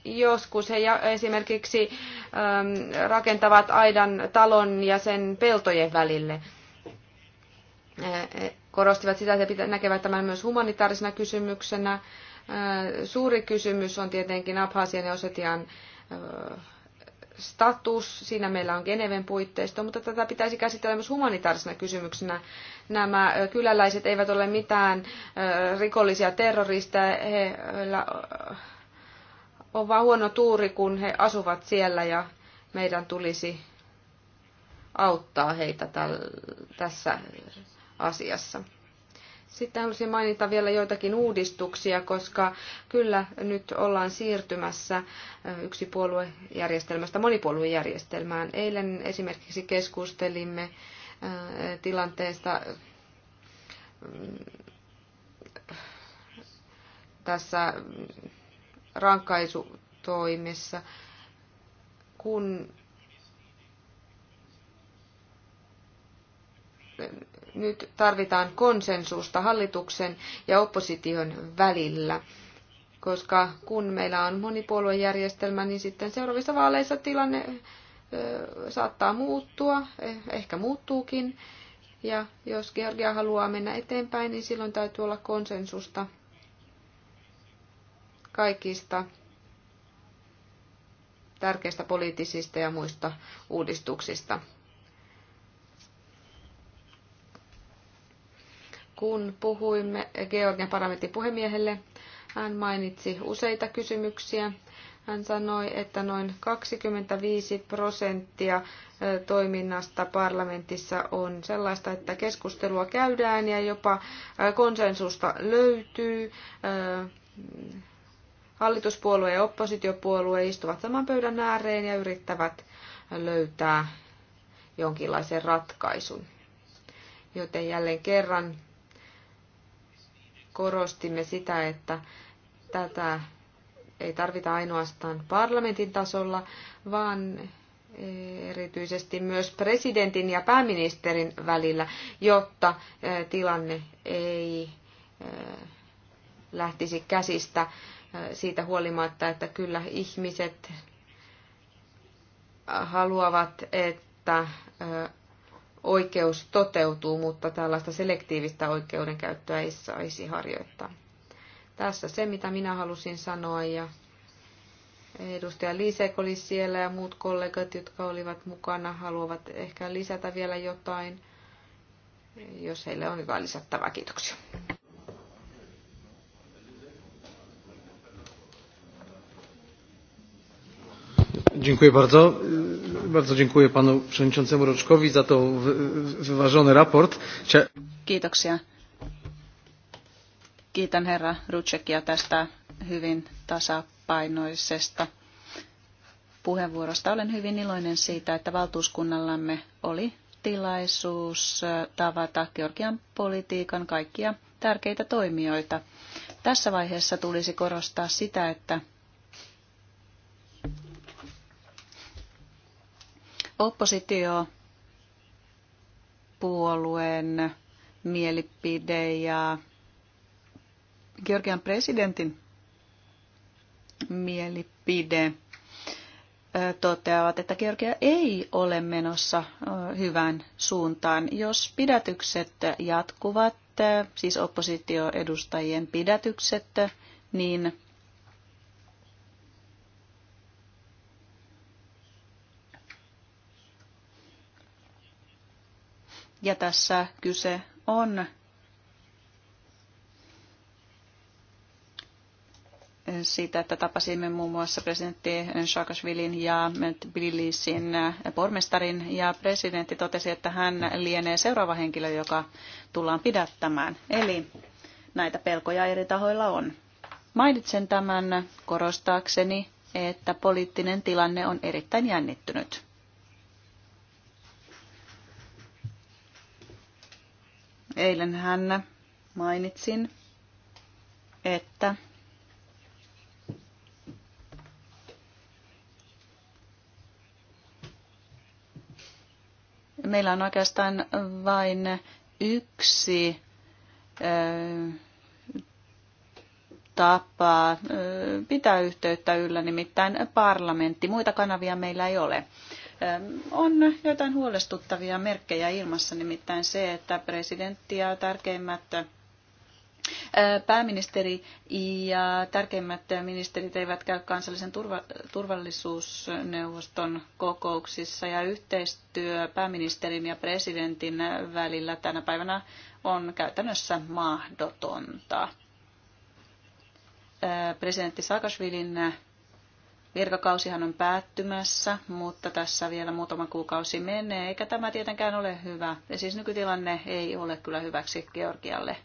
joskus he esimerkiksi rakentavat aidan talon ja sen peltojen välille. Korostivat sitä, että näkevät tämän myös humanitaarisena kysymyksenä Äh, suuri kysymys on tietenkin Abhasian ja Osetian äh, status, siinä meillä on Geneven puitteisto, mutta tätä pitäisi käsitellä myös humanitaarisena kysymyksenä. Nämä äh, kyläläiset eivät ole mitään rikollisia terroristeja, heillä on vain huono tuuri, kun he asuvat siellä ja meidän tulisi auttaa heitä tässä asiassa. Sitten haluaisin mainita vielä joitakin uudistuksia, koska kyllä nyt ollaan siirtymässä yksipuoluejärjestelmästä monipuoluejärjestelmään. Eilen esimerkiksi keskustelimme tilanteesta mm, tässä mm, rankaisutoimessa, kun nyt tarvitaan konsensusta hallituksen ja opposition välillä. Koska kun meillä on monipuoluejärjestelmä, niin sitten seuraavissa vaaleissa tilanne saattaa muuttua, eh, ehkä muuttuukin. Ja jos Georgia haluaa mennä eteenpäin, niin silloin täytyy olla konsensusta kaikista tärkeistä poliittisista ja muista uudistuksista. Kun puhuimme Georgian parlamentin puhemiehelle, hän mainitsi useita kysymyksiä. Hän sanoi, että noin 25 prosenttia toiminnasta parlamentissa on sellaista, että keskustelua käydään ja jopa konsensusta löytyy. Hallituspuolue ja oppositiopuolue istuvat saman pöydän ääreen ja yrittävät löytää jonkinlaisen ratkaisun. Joten jälleen kerran korostimme sitä, että tätä ei tarvita ainoastaan parlamentin tasolla, vaan erityisesti myös presidentin ja pääministerin välillä, jotta tilanne ei lähtisi käsistä siitä huolimatta, että kyllä ihmiset haluavat, että oikeus toteutuu, mutta tällaista selektiivistä oikeudenkäyttöä ei saisi harjoittaa. Tässä se, mitä minä halusin sanoa ja edustaja Liisek oli siellä ja muut kollegat, jotka olivat mukana, haluavat ehkä lisätä vielä jotain, jos heille on hyvä lisättävää. Kiitoksia. bardzo. dziękuję panu przewodniczącemu za to wyważone Kiitoksia. Kiitän herra Rucekia tästä hyvin tasapainoisesta puheenvuorosta. Olen hyvin iloinen siitä, että valtuuskunnallamme oli tilaisuus tavata Georgian politiikan kaikkia tärkeitä toimijoita. Tässä vaiheessa tulisi korostaa sitä, että oppositio puolueen mielipide ja Georgian presidentin mielipide toteavat, että Georgia ei ole menossa hyvään suuntaan. Jos pidätykset jatkuvat, siis oppositioedustajien pidätykset, niin Ja tässä kyse on eh, siitä, että tapasimme muun muassa presidentti Shakashvilin ja Tbilisin eh, pormestarin ja presidentti totesi, että hän lienee seuraava henkilö, joka tullaan pidättämään. Eli näitä pelkoja eri tahoilla on. Mainitsen tämän korostaakseni, että poliittinen tilanne on erittäin jännittynyt. Eilen hän mainitsin, että meillä on oikeastaan vain yksi tapa pitää yhteyttä yllä, nimittäin parlamentti. Muita kanavia meillä ei ole. On joitain huolestuttavia merkkejä ilmassa, nimittäin se, että presidentti ja tärkeimmät pääministeri ja tärkeimmät ministerit eivät käy kansallisen turvallisuusneuvoston kokouksissa ja yhteistyö pääministerin ja presidentin välillä tänä päivänä on käytännössä mahdotonta. Presidentti Saakashvilin Virkakausihan on päättymässä, mutta tässä vielä muutama kuukausi menee, eikä tämä tietenkään ole hyvä. Ja siis nykytilanne ei ole kyllä hyväksi Georgialle.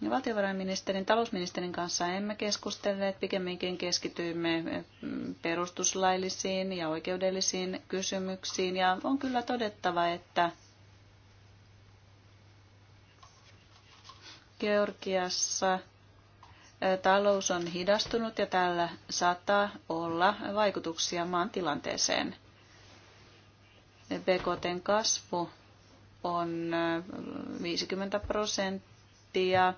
Ja valtiovarainministerin, talousministerin kanssa emme keskustelleet, pikemminkin keskityimme eh, perustuslaillisiin ja oikeudellisiin kysymyksiin. Ja on kyllä todettava, että Georgiassa – talous on hidastunut ja tällä saattaa olla vaikutuksia maan tilanteeseen. BKTn kasvu on 50 prosenttia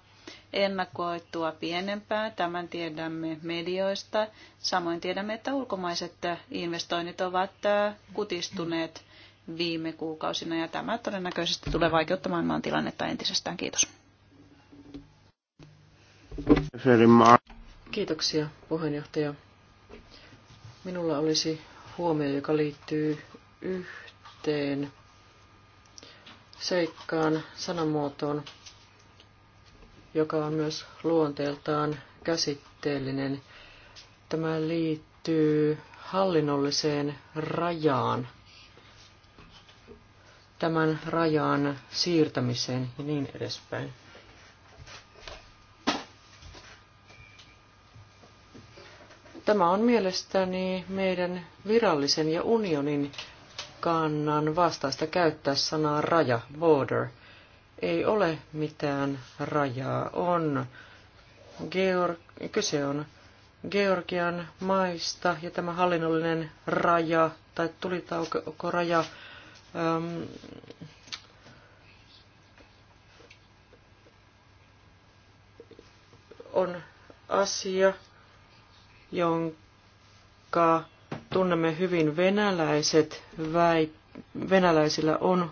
ennakoitua pienempää. Tämän tiedämme medioista. Samoin tiedämme, että ulkomaiset investoinnit ovat kutistuneet viime kuukausina ja tämä todennäköisesti tulee vaikeuttamaan maan tilannetta entisestään. Kiitos. Kiitoksia puheenjohtaja. Minulla olisi huomio, joka liittyy yhteen seikkaan, sanamuotoon, joka on myös luonteeltaan käsitteellinen. Tämä liittyy hallinnolliseen rajaan, tämän rajan siirtämiseen ja niin edespäin. Tämä on mielestäni meidän virallisen ja unionin kannan vastaista käyttää sanaa raja, border. Ei ole mitään rajaa. On Georg- kyse on Georgian maista ja tämä hallinnollinen raja tai tulitaukoraja äm, on asia, jonka tunnemme hyvin venäläiset väit, venäläisillä on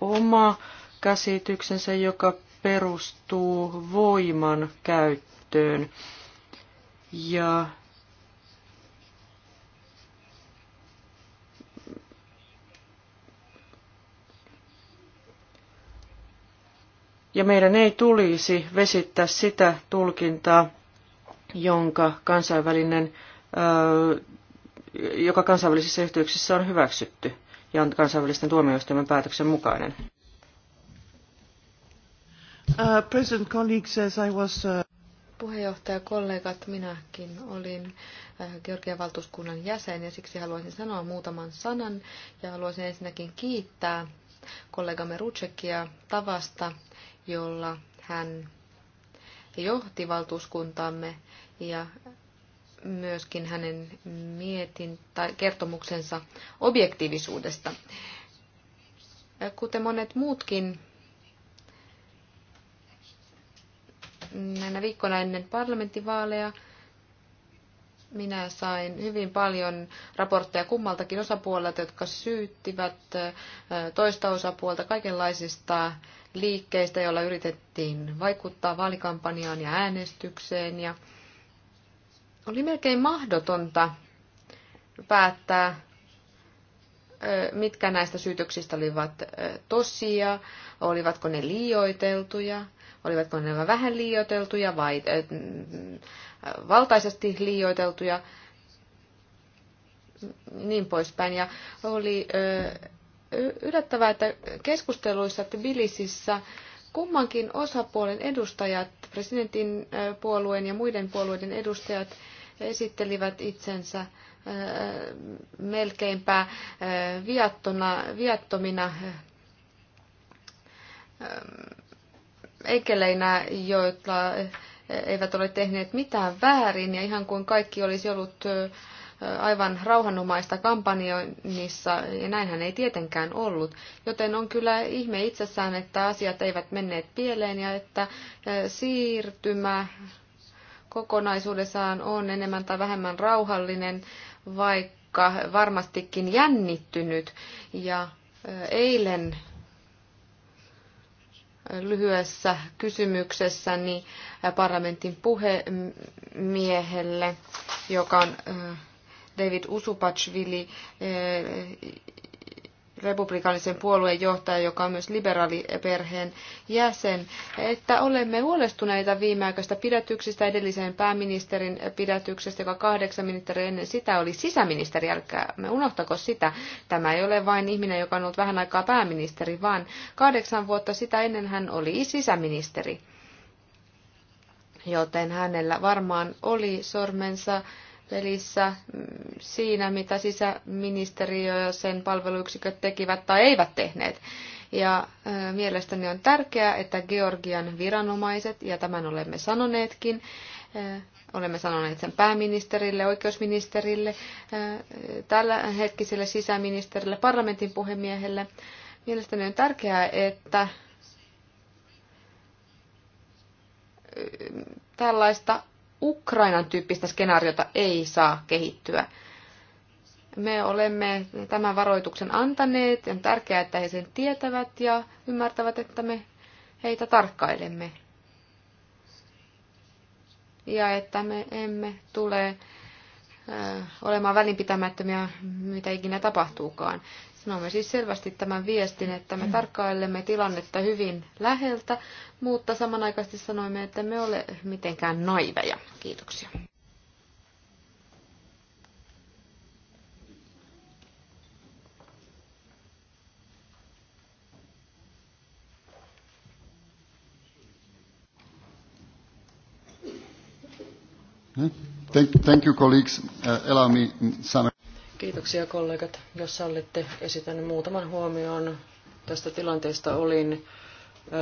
oma käsityksensä, joka perustuu voiman käyttöön. Ja Ja meidän ei tulisi vesittää sitä tulkintaa, jonka kansainvälinen, joka kansainvälisissä yhteyksissä on hyväksytty ja on kansainvälisten tuomioistuimen päätöksen mukainen. Uh, uh, Puheenjohtaja, kollegat, minäkin olin uh, Georgian valtuuskunnan jäsen ja siksi haluaisin sanoa muutaman sanan ja haluaisin ensinnäkin kiittää kollegamme Rutsekia tavasta, jolla hän johti valtuuskuntaamme ja myöskin hänen mietin tai kertomuksensa objektiivisuudesta. Kuten monet muutkin näinä viikkoina ennen parlamenttivaaleja, minä sain hyvin paljon raportteja kummaltakin osapuolelta, jotka syyttivät toista osapuolta kaikenlaisista liikkeistä, joilla yritettiin vaikuttaa vaalikampanjaan ja äänestykseen. Ja oli melkein mahdotonta päättää, mitkä näistä syytöksistä olivat tosia, olivatko ne liioiteltuja – olivatko ne vähän liioiteltuja vai äh, valtaisesti liioiteltuja, niin poispäin. Ja oli äh, yllättävää, että keskusteluissa Tbilisissä kummankin osapuolen edustajat, presidentin äh, puolueen ja muiden puolueiden edustajat, esittelivät itsensä melkeinpä viattona, viattomina eikeleinä, joilla eh, eivät ole tehneet mitään väärin ja ihan kuin kaikki olisi ollut eh, aivan rauhanomaista kampanjoinnissa, ja näinhän ei tietenkään ollut. Joten on kyllä ihme itsessään, että asiat eivät menneet pieleen ja että eh, siirtymä kokonaisuudessaan on enemmän tai vähemmän rauhallinen, vaikka varmastikin jännittynyt. Ja eilen lyhyessä kysymyksessäni parlamentin puhemiehelle, joka on äh, David Usupachvili, äh, republikaanisen puolueen johtaja, joka on myös liberaaliperheen jäsen, että olemme huolestuneita viimeaikaista pidätyksistä, edellisen pääministerin pidätyksestä, joka kahdeksan ministeriä ennen sitä oli sisäministeri, älkää me unohtako sitä. Tämä ei ole vain ihminen, joka on ollut vähän aikaa pääministeri, vaan kahdeksan vuotta sitä ennen hän oli sisäministeri. Joten hänellä varmaan oli sormensa pelissä mm, siinä, mitä sisäministeriö ja sen palveluyksiköt tekivät tai eivät tehneet. Ja mielestäni on tärkeää, että Georgian viranomaiset, ja tämän olemme sanoneetkin, olemme sanoneet sen pääministerille, oikeusministerille, tällä hetkiselle sisäministerille, parlamentin puhemiehelle. Mielestäni on tärkeää, että tällaista Ukrainan tyyppistä skenaariota ei saa kehittyä. Me olemme tämän varoituksen antaneet. On tärkeää, että he sen tietävät ja ymmärtävät, että me heitä tarkkailemme. Ja että me emme tule olemaan välinpitämättömiä, mitä ikinä tapahtuukaan sanomme siis selvästi tämän viestin, että me tarkkailemme tilannetta hyvin läheltä, mutta samanaikaisesti sanoimme, että me ole mitenkään naiveja. Kiitoksia. Thank, thank you, colleagues. Uh, allow me mm, some... Kiitoksia kollegat. Jos sallitte, esitän muutaman huomioon tästä tilanteesta. Olin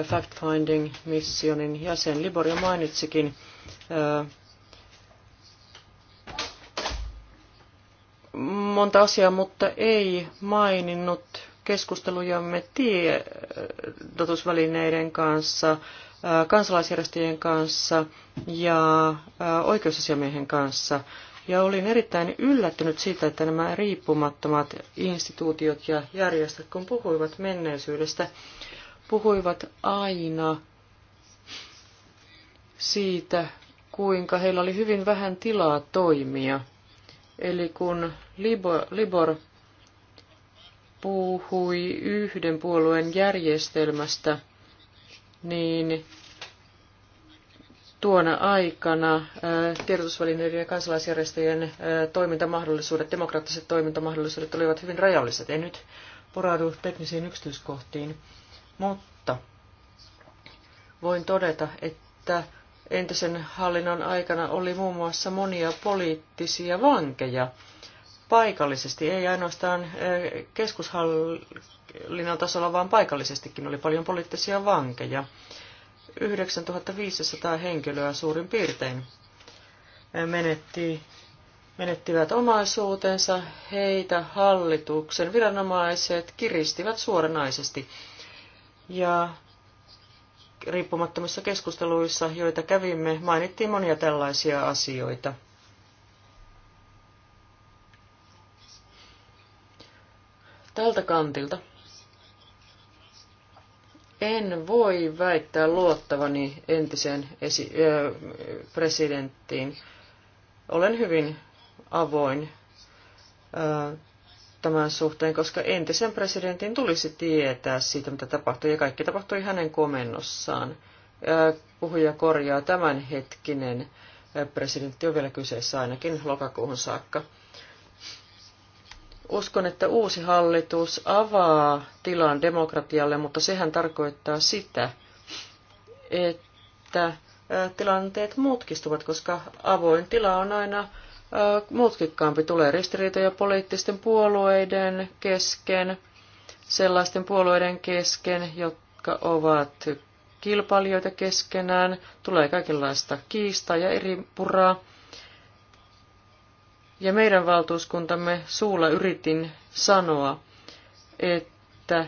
fact-finding-missionin jäsen. Libor jo mainitsikin monta asiaa, mutta ei maininnut keskustelujamme tiedotusvälineiden kanssa, kansalaisjärjestöjen kanssa ja oikeusasiamiehen kanssa. Ja olin erittäin yllättynyt siitä, että nämä riippumattomat instituutiot ja järjestöt, kun puhuivat menneisyydestä, puhuivat aina siitä, kuinka heillä oli hyvin vähän tilaa toimia. Eli kun Libor, Libor puhui yhden puolueen järjestelmästä, niin tuona aikana äh, tiedotusvälineiden ja kansalaisjärjestöjen äh, toimintamahdollisuudet, demokraattiset toimintamahdollisuudet olivat hyvin rajalliset. En nyt poraudu teknisiin yksityiskohtiin, mutta voin todeta, että entisen hallinnon aikana oli muun muassa monia poliittisia vankeja paikallisesti, ei ainoastaan äh, keskushallinnon tasolla, vaan paikallisestikin oli paljon poliittisia vankeja. 9500 henkilöä suurin piirtein menetti, menettivät omaisuutensa, heitä hallituksen viranomaiset kiristivät suoranaisesti. Ja riippumattomissa keskusteluissa, joita kävimme, mainittiin monia tällaisia asioita. Tältä kantilta en voi väittää luottavani entiseen esi- ö, presidenttiin. Olen hyvin avoin ö, tämän suhteen, koska entisen presidentin tulisi tietää siitä, mitä tapahtui, ja kaikki tapahtui hänen komennossaan. Ö, puhuja korjaa tämänhetkinen presidentti on vielä kyseessä ainakin lokakuuhun saakka. Uskon, että uusi hallitus avaa tilan demokratialle, mutta sehän tarkoittaa sitä, että tilanteet mutkistuvat, koska avoin tila on aina mutkikkaampi. Tulee ristiriitoja poliittisten puolueiden kesken, sellaisten puolueiden kesken, jotka ovat kilpailijoita keskenään. Tulee kaikenlaista kiistaa ja eri puraa. Ja meidän valtuuskuntamme suulla yritin sanoa, että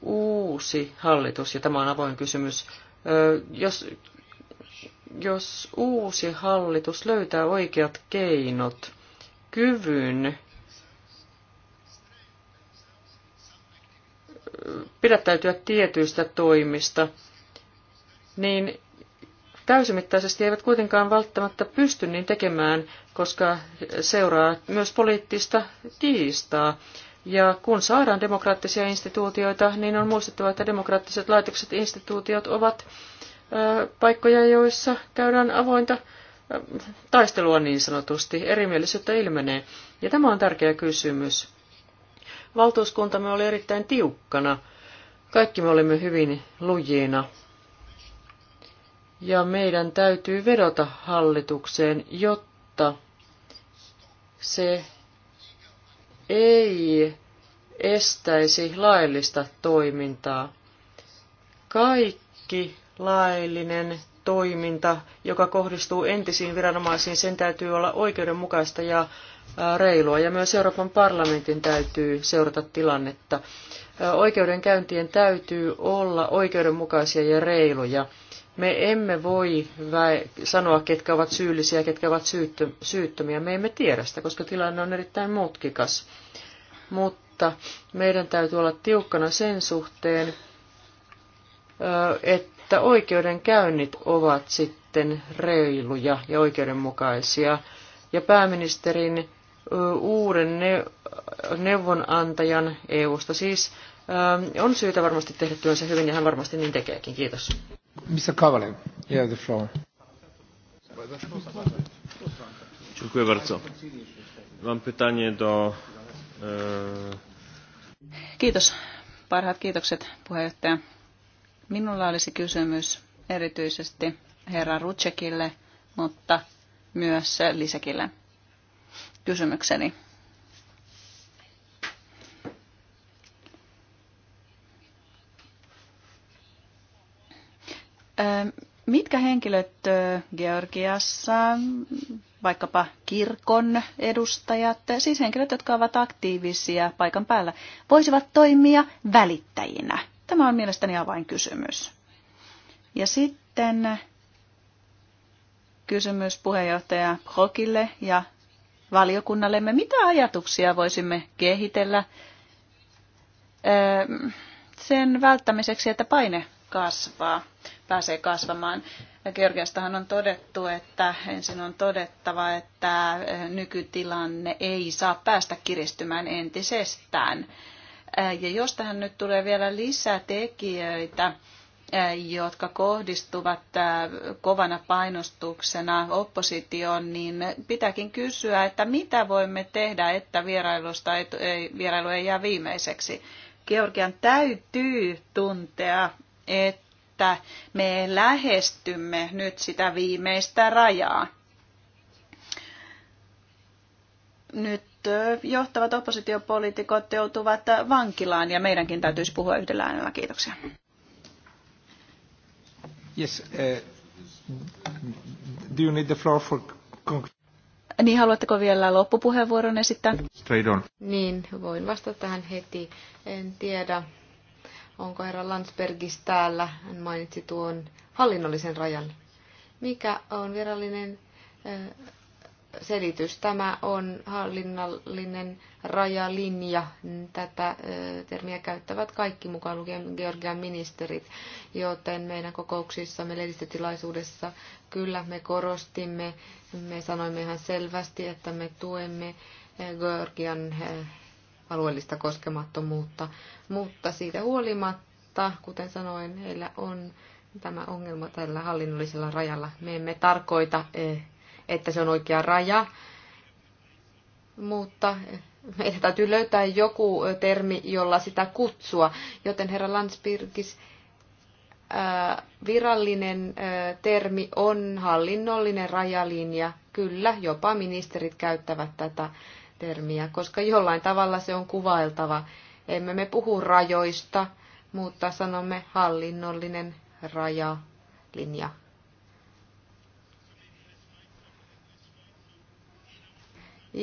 uusi hallitus, ja tämä on avoin kysymys, jos, jos uusi hallitus löytää oikeat keinot, kyvyn pidättäytyä tietyistä toimista, niin täysimittaisesti eivät kuitenkaan välttämättä pysty niin tekemään, koska seuraa myös poliittista kiistaa. Ja kun saadaan demokraattisia instituutioita, niin on muistettava, että demokraattiset laitokset instituutiot ovat ö, paikkoja, joissa käydään avointa ö, taistelua niin sanotusti. Erimielisyyttä ilmenee. Ja tämä on tärkeä kysymys. Valtuuskuntamme oli erittäin tiukkana. Kaikki me olimme hyvin lujina ja meidän täytyy vedota hallitukseen, jotta se ei estäisi laillista toimintaa. Kaikki laillinen toiminta, joka kohdistuu entisiin viranomaisiin, sen täytyy olla oikeudenmukaista ja reilua. Ja myös Euroopan parlamentin täytyy seurata tilannetta oikeudenkäyntien täytyy olla oikeudenmukaisia ja reiluja. Me emme voi sanoa, ketkä ovat syyllisiä ja ketkä ovat syyttö- syyttömiä. Me emme tiedä sitä, koska tilanne on erittäin mutkikas. Mutta meidän täytyy olla tiukkana sen suhteen, että oikeudenkäynnit ovat sitten reiluja ja oikeudenmukaisia. Ja pääministerin uuden neuvonantajan EUsta siis on syytä varmasti tehdä työnsä hyvin ja hän varmasti niin tekeekin. Kiitos. Mr. Kavalen, you have the floor. Dziękuję bardzo. Mam pytanie do... E, Kiitos. Parhaat kiitokset puheenjohtaja. Minulla olisi kysymys erityisesti herra Rutsekille, mutta myös Lisekille kysymykseni. Mitkä henkilöt Georgiassa, vaikkapa kirkon edustajat, siis henkilöt, jotka ovat aktiivisia paikan päällä, voisivat toimia välittäjinä? Tämä on mielestäni avainkysymys. Ja sitten kysymys puheenjohtaja Prokille ja valiokunnallemme, mitä ajatuksia voisimme kehitellä öö, sen välttämiseksi, että paine kasvaa, pääsee kasvamaan. Georgiastahan on todettu, että ensin on todettava, että nykytilanne ei saa päästä kiristymään entisestään. Ja jos tähän nyt tulee vielä lisää tekijöitä, Eh, jotka kohdistuvat eh, kovana painostuksena oppositioon, niin pitääkin kysyä, että mitä voimme tehdä, että vierailusta ei, vierailu ei jää viimeiseksi. Georgian täytyy tuntea, että me lähestymme nyt sitä viimeistä rajaa. Nyt eh, johtavat oppositiopoliitikot joutuvat vankilaan ja meidänkin täytyisi puhua yhdellä äänellä. Kiitoksia. Yes, uh, do you need the floor for niin, haluatteko vielä loppupuheenvuoron esittää? Straight on. Niin, voin vastata tähän heti. En tiedä, onko herra Landsbergis täällä. Hän mainitsi tuon hallinnollisen rajan. Mikä on virallinen eh, selitys. Tämä on hallinnallinen rajalinja. Tätä termiä käyttävät kaikki mukaan lukien Georgian ministerit, joten meidän kokouksissamme lehdistötilaisuudessa kyllä me korostimme, me sanoimme ihan selvästi, että me tuemme Georgian alueellista koskemattomuutta, mutta siitä huolimatta, kuten sanoin, heillä on tämä ongelma tällä hallinnollisella rajalla. Me emme tarkoita että se on oikea raja, mutta meidän täytyy löytää joku termi, jolla sitä kutsua. Joten herra Landsbergis, virallinen termi on hallinnollinen rajalinja. Kyllä, jopa ministerit käyttävät tätä termiä, koska jollain tavalla se on kuvailtava. Emme me puhu rajoista, mutta sanomme hallinnollinen rajalinja.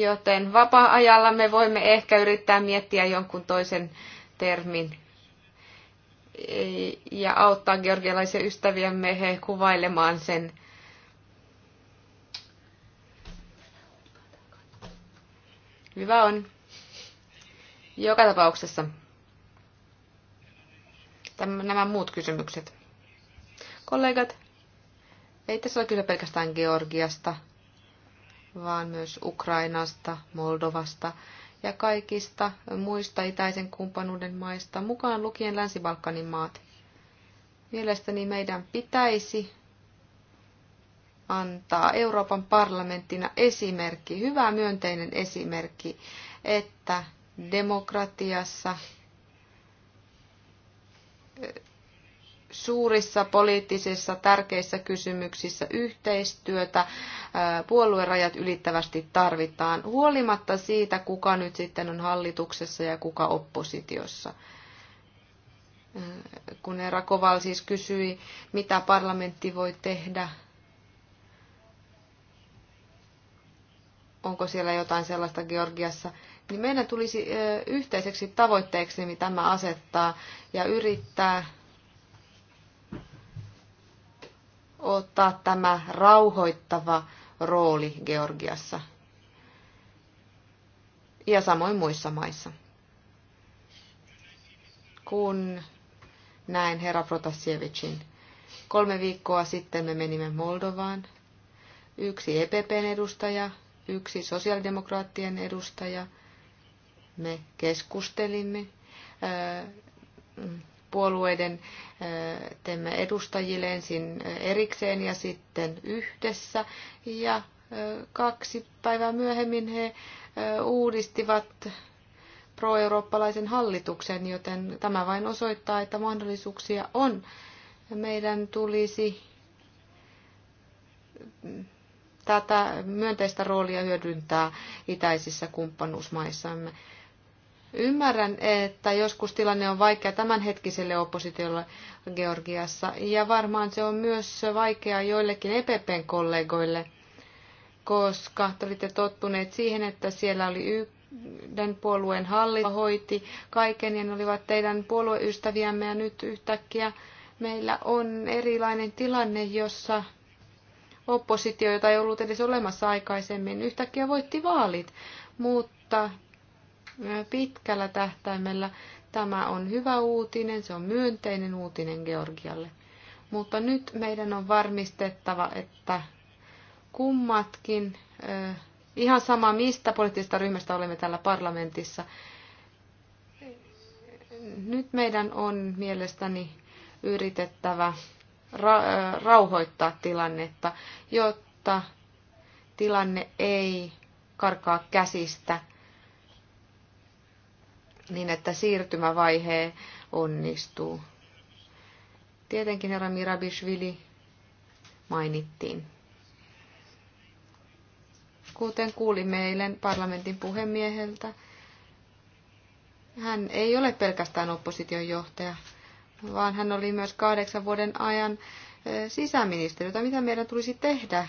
Joten vapaa-ajalla me voimme ehkä yrittää miettiä jonkun toisen termin ja auttaa georgialaisia ystäviämme he kuvailemaan sen. Hyvä on. Joka tapauksessa. Tämä, nämä muut kysymykset. Kollegat, ei tässä ole kyse pelkästään Georgiasta vaan myös Ukrainasta, Moldovasta ja kaikista muista itäisen kumppanuuden maista, mukaan lukien Länsi-Balkanin maat. Mielestäni meidän pitäisi antaa Euroopan parlamenttina esimerkki, hyvä myönteinen esimerkki, että demokratiassa suurissa poliittisissa tärkeissä kysymyksissä yhteistyötä puoluerajat ylittävästi tarvitaan, huolimatta siitä, kuka nyt sitten on hallituksessa ja kuka oppositiossa. Kun Eera Koval siis kysyi, mitä parlamentti voi tehdä, onko siellä jotain sellaista Georgiassa, niin meidän tulisi yhteiseksi tavoitteeksi tämä asettaa ja yrittää ottaa tämä rauhoittava rooli Georgiassa ja samoin muissa maissa. Kun näin herra Protasievicin. Kolme viikkoa sitten me menimme Moldovaan. Yksi EPPn edustaja, yksi sosiaalidemokraattien edustaja. Me keskustelimme puolueiden eh, teemme edustajille ensin eh, erikseen ja sitten yhdessä. Ja eh, kaksi päivää myöhemmin he uudistivat pro-eurooppalaisen hallituksen, joten tämä vain osoittaa, että mahdollisuuksia on. Meidän tulisi mm, tätä myönteistä roolia hyödyntää itäisissä kumppanuusmaissamme. Ymmärrän, että joskus tilanne on vaikea tämänhetkiselle oppositiolle Georgiassa, ja varmaan se on myös vaikea joillekin EPPn kollegoille, koska te olitte tottuneet siihen, että siellä oli yhden puolueen hallinto hoiti kaiken, ja ne olivat teidän puolueystäviämme, ja nyt yhtäkkiä meillä on erilainen tilanne, jossa oppositio, jota ei ollut edes olemassa aikaisemmin, yhtäkkiä voitti vaalit, mutta pitkällä tähtäimellä tämä on hyvä uutinen, se on myönteinen uutinen Georgialle. Mutta nyt meidän on varmistettava, että kummatkin, ihan sama mistä poliittisesta ryhmästä olemme täällä parlamentissa, nyt meidän on mielestäni yritettävä rauhoittaa tilannetta, jotta tilanne ei karkaa käsistä – niin että siirtymävaihe onnistuu. Tietenkin herra Mirabishvili mainittiin. Kuten kuulimme eilen parlamentin puhemieheltä, hän ei ole pelkästään opposition johtaja, vaan hän oli myös kahdeksan vuoden ajan sisäministeri, jota mitä meidän tulisi tehdä.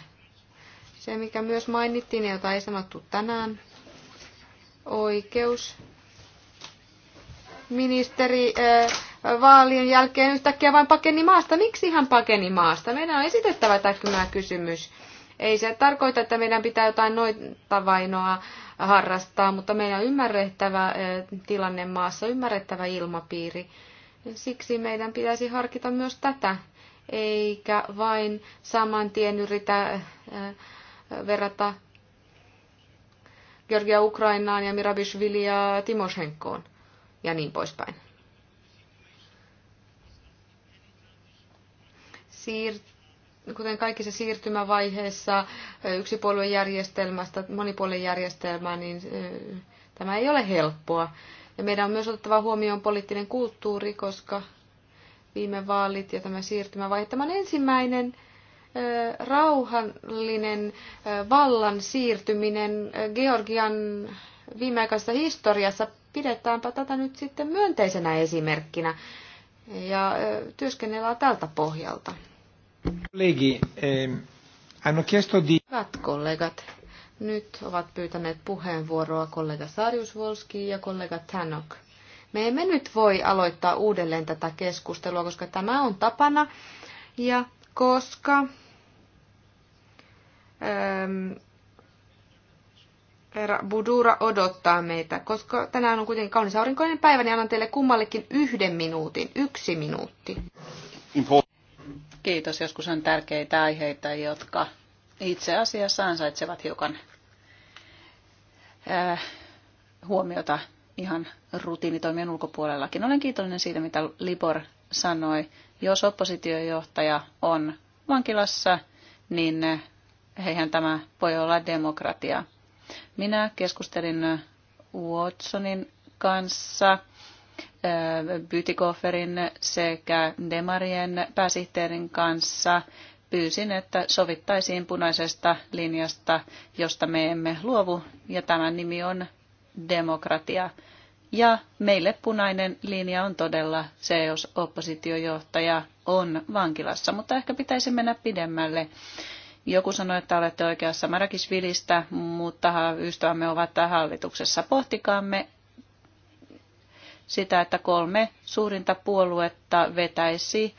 Se, mikä myös mainittiin ja jota ei sanottu tänään, oikeus ministeri eh, vaalien jälkeen yhtäkkiä vain pakeni maasta. Miksi hän pakeni maasta? Meidän on esitettävä tämä kysymys. Ei se tarkoita, että meidän pitää jotain noita vainoa harrastaa, mutta meidän on ymmärrettävä eh, tilanne maassa, ymmärrettävä ilmapiiri. Siksi meidän pitäisi harkita myös tätä, eikä vain saman tien yritä eh, verrata Georgia Ukrainaan ja Mirabishvili ja Timoshenkoon ja niin poispäin. Siir- kuten kaikissa siirtymävaiheissa yksipuoluejärjestelmästä monipuoluejärjestelmään, niin tämä ei ole helppoa. Ja meidän on myös otettava huomioon poliittinen kulttuuri, koska viime vaalit ja tämä siirtymävaihe, tämä on ensimmäinen rauhallinen vallan siirtyminen Georgian viimeaikaisessa historiassa pidetäänpä tätä nyt sitten myönteisenä esimerkkinä ja työskennellään tältä pohjalta. Kollegi, eh, hanno chiesto di... Hyvät kollegat, nyt ovat pyytäneet puheenvuoroa kollega Sarjusvolski ja kollega Tanok. Me emme nyt voi aloittaa uudelleen tätä keskustelua, koska tämä on tapana ja koska... Ähm, Herra Budura odottaa meitä, koska tänään on kuitenkin kaunis aurinkoinen päivä, niin annan teille kummallekin yhden minuutin, yksi minuutti. Kiitos, joskus on tärkeitä aiheita, jotka itse asiassa ansaitsevat hiukan äh, huomiota ihan rutiinitoimien ulkopuolellakin. Olen kiitollinen siitä, mitä Libor sanoi. Jos oppositiojohtaja on vankilassa, niin heihän tämä voi olla demokratia. Minä keskustelin Watsonin kanssa, Bytikofferin sekä Demarien pääsihteerin kanssa pyysin, että sovittaisiin punaisesta linjasta, josta me emme luovu, ja tämän nimi on demokratia. Ja meille punainen linja on todella se, jos oppositiojohtaja on vankilassa, mutta ehkä pitäisi mennä pidemmälle. Joku sanoi, että olette oikeassa Marakisvilistä, mutta ystävämme ovat hallituksessa. Pohtikaamme sitä, että kolme suurinta puoluetta vetäisi,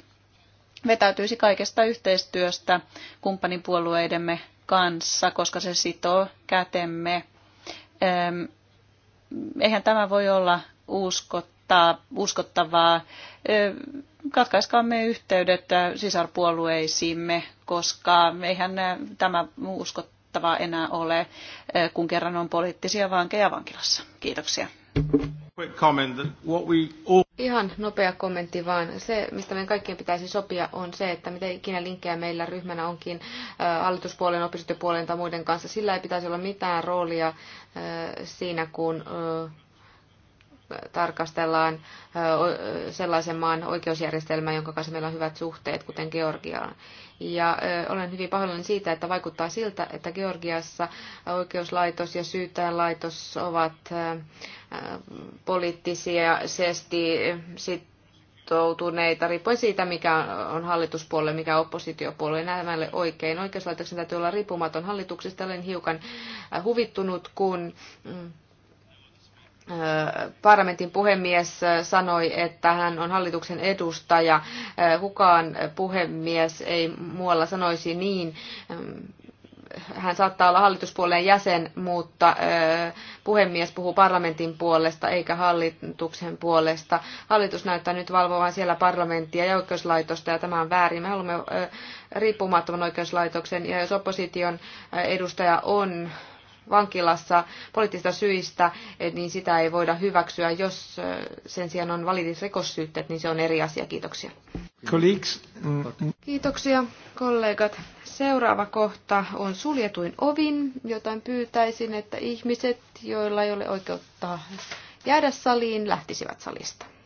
vetäytyisi kaikesta yhteistyöstä kumppanipuolueidemme kanssa, koska se sitoo kätemme. Eihän tämä voi olla uskottavaa. uskottavaa katkaiskaamme yhteydet äh, sisarpuolueisiimme, koska eihän äh, tämä uskottava enää ole, äh, kun kerran on poliittisia vankeja vankilassa. Kiitoksia. Ihan nopea kommentti vaan. Se, mistä meidän kaikkien pitäisi sopia, on se, että mitä ikinä linkkejä meillä ryhmänä onkin hallituspuolen, opistopuolen tai muiden kanssa, sillä ei pitäisi olla mitään roolia siinä, kun tarkastellaan sellaisen maan oikeusjärjestelmää, jonka kanssa meillä on hyvät suhteet, kuten Georgiaan. Ja olen hyvin pahoillani siitä, että vaikuttaa siltä, että Georgiassa oikeuslaitos ja laitos ovat poliittisia sesti sitoutuneita, riippuen siitä, mikä on hallituspuolue, mikä on oppositiopuolue. Nämälle oikein. Oikeuslaitoksen täytyy olla riippumaton hallituksesta. Olen hiukan huvittunut, kun mm, parlamentin puhemies sanoi, että hän on hallituksen edustaja. Kukaan puhemies ei muualla sanoisi niin. Hän saattaa olla hallituspuolen jäsen, mutta puhemies puhuu parlamentin puolesta eikä hallituksen puolesta. Hallitus näyttää nyt valvovan siellä parlamenttia ja oikeuslaitosta ja tämä on väärin. Me haluamme riippumattoman oikeuslaitoksen ja jos opposition edustaja on vankilassa poliittisista syistä, eh, niin sitä ei voida hyväksyä. Jos eh, sen sijaan on valitit rikossyytteet, niin se on eri asia. Kiitoksia. Colleagues. Mm, mm. Kiitoksia kollegat. Seuraava kohta on suljetuin ovin, joten pyytäisin, että ihmiset, joilla ei ole oikeutta jäädä saliin, lähtisivät salista.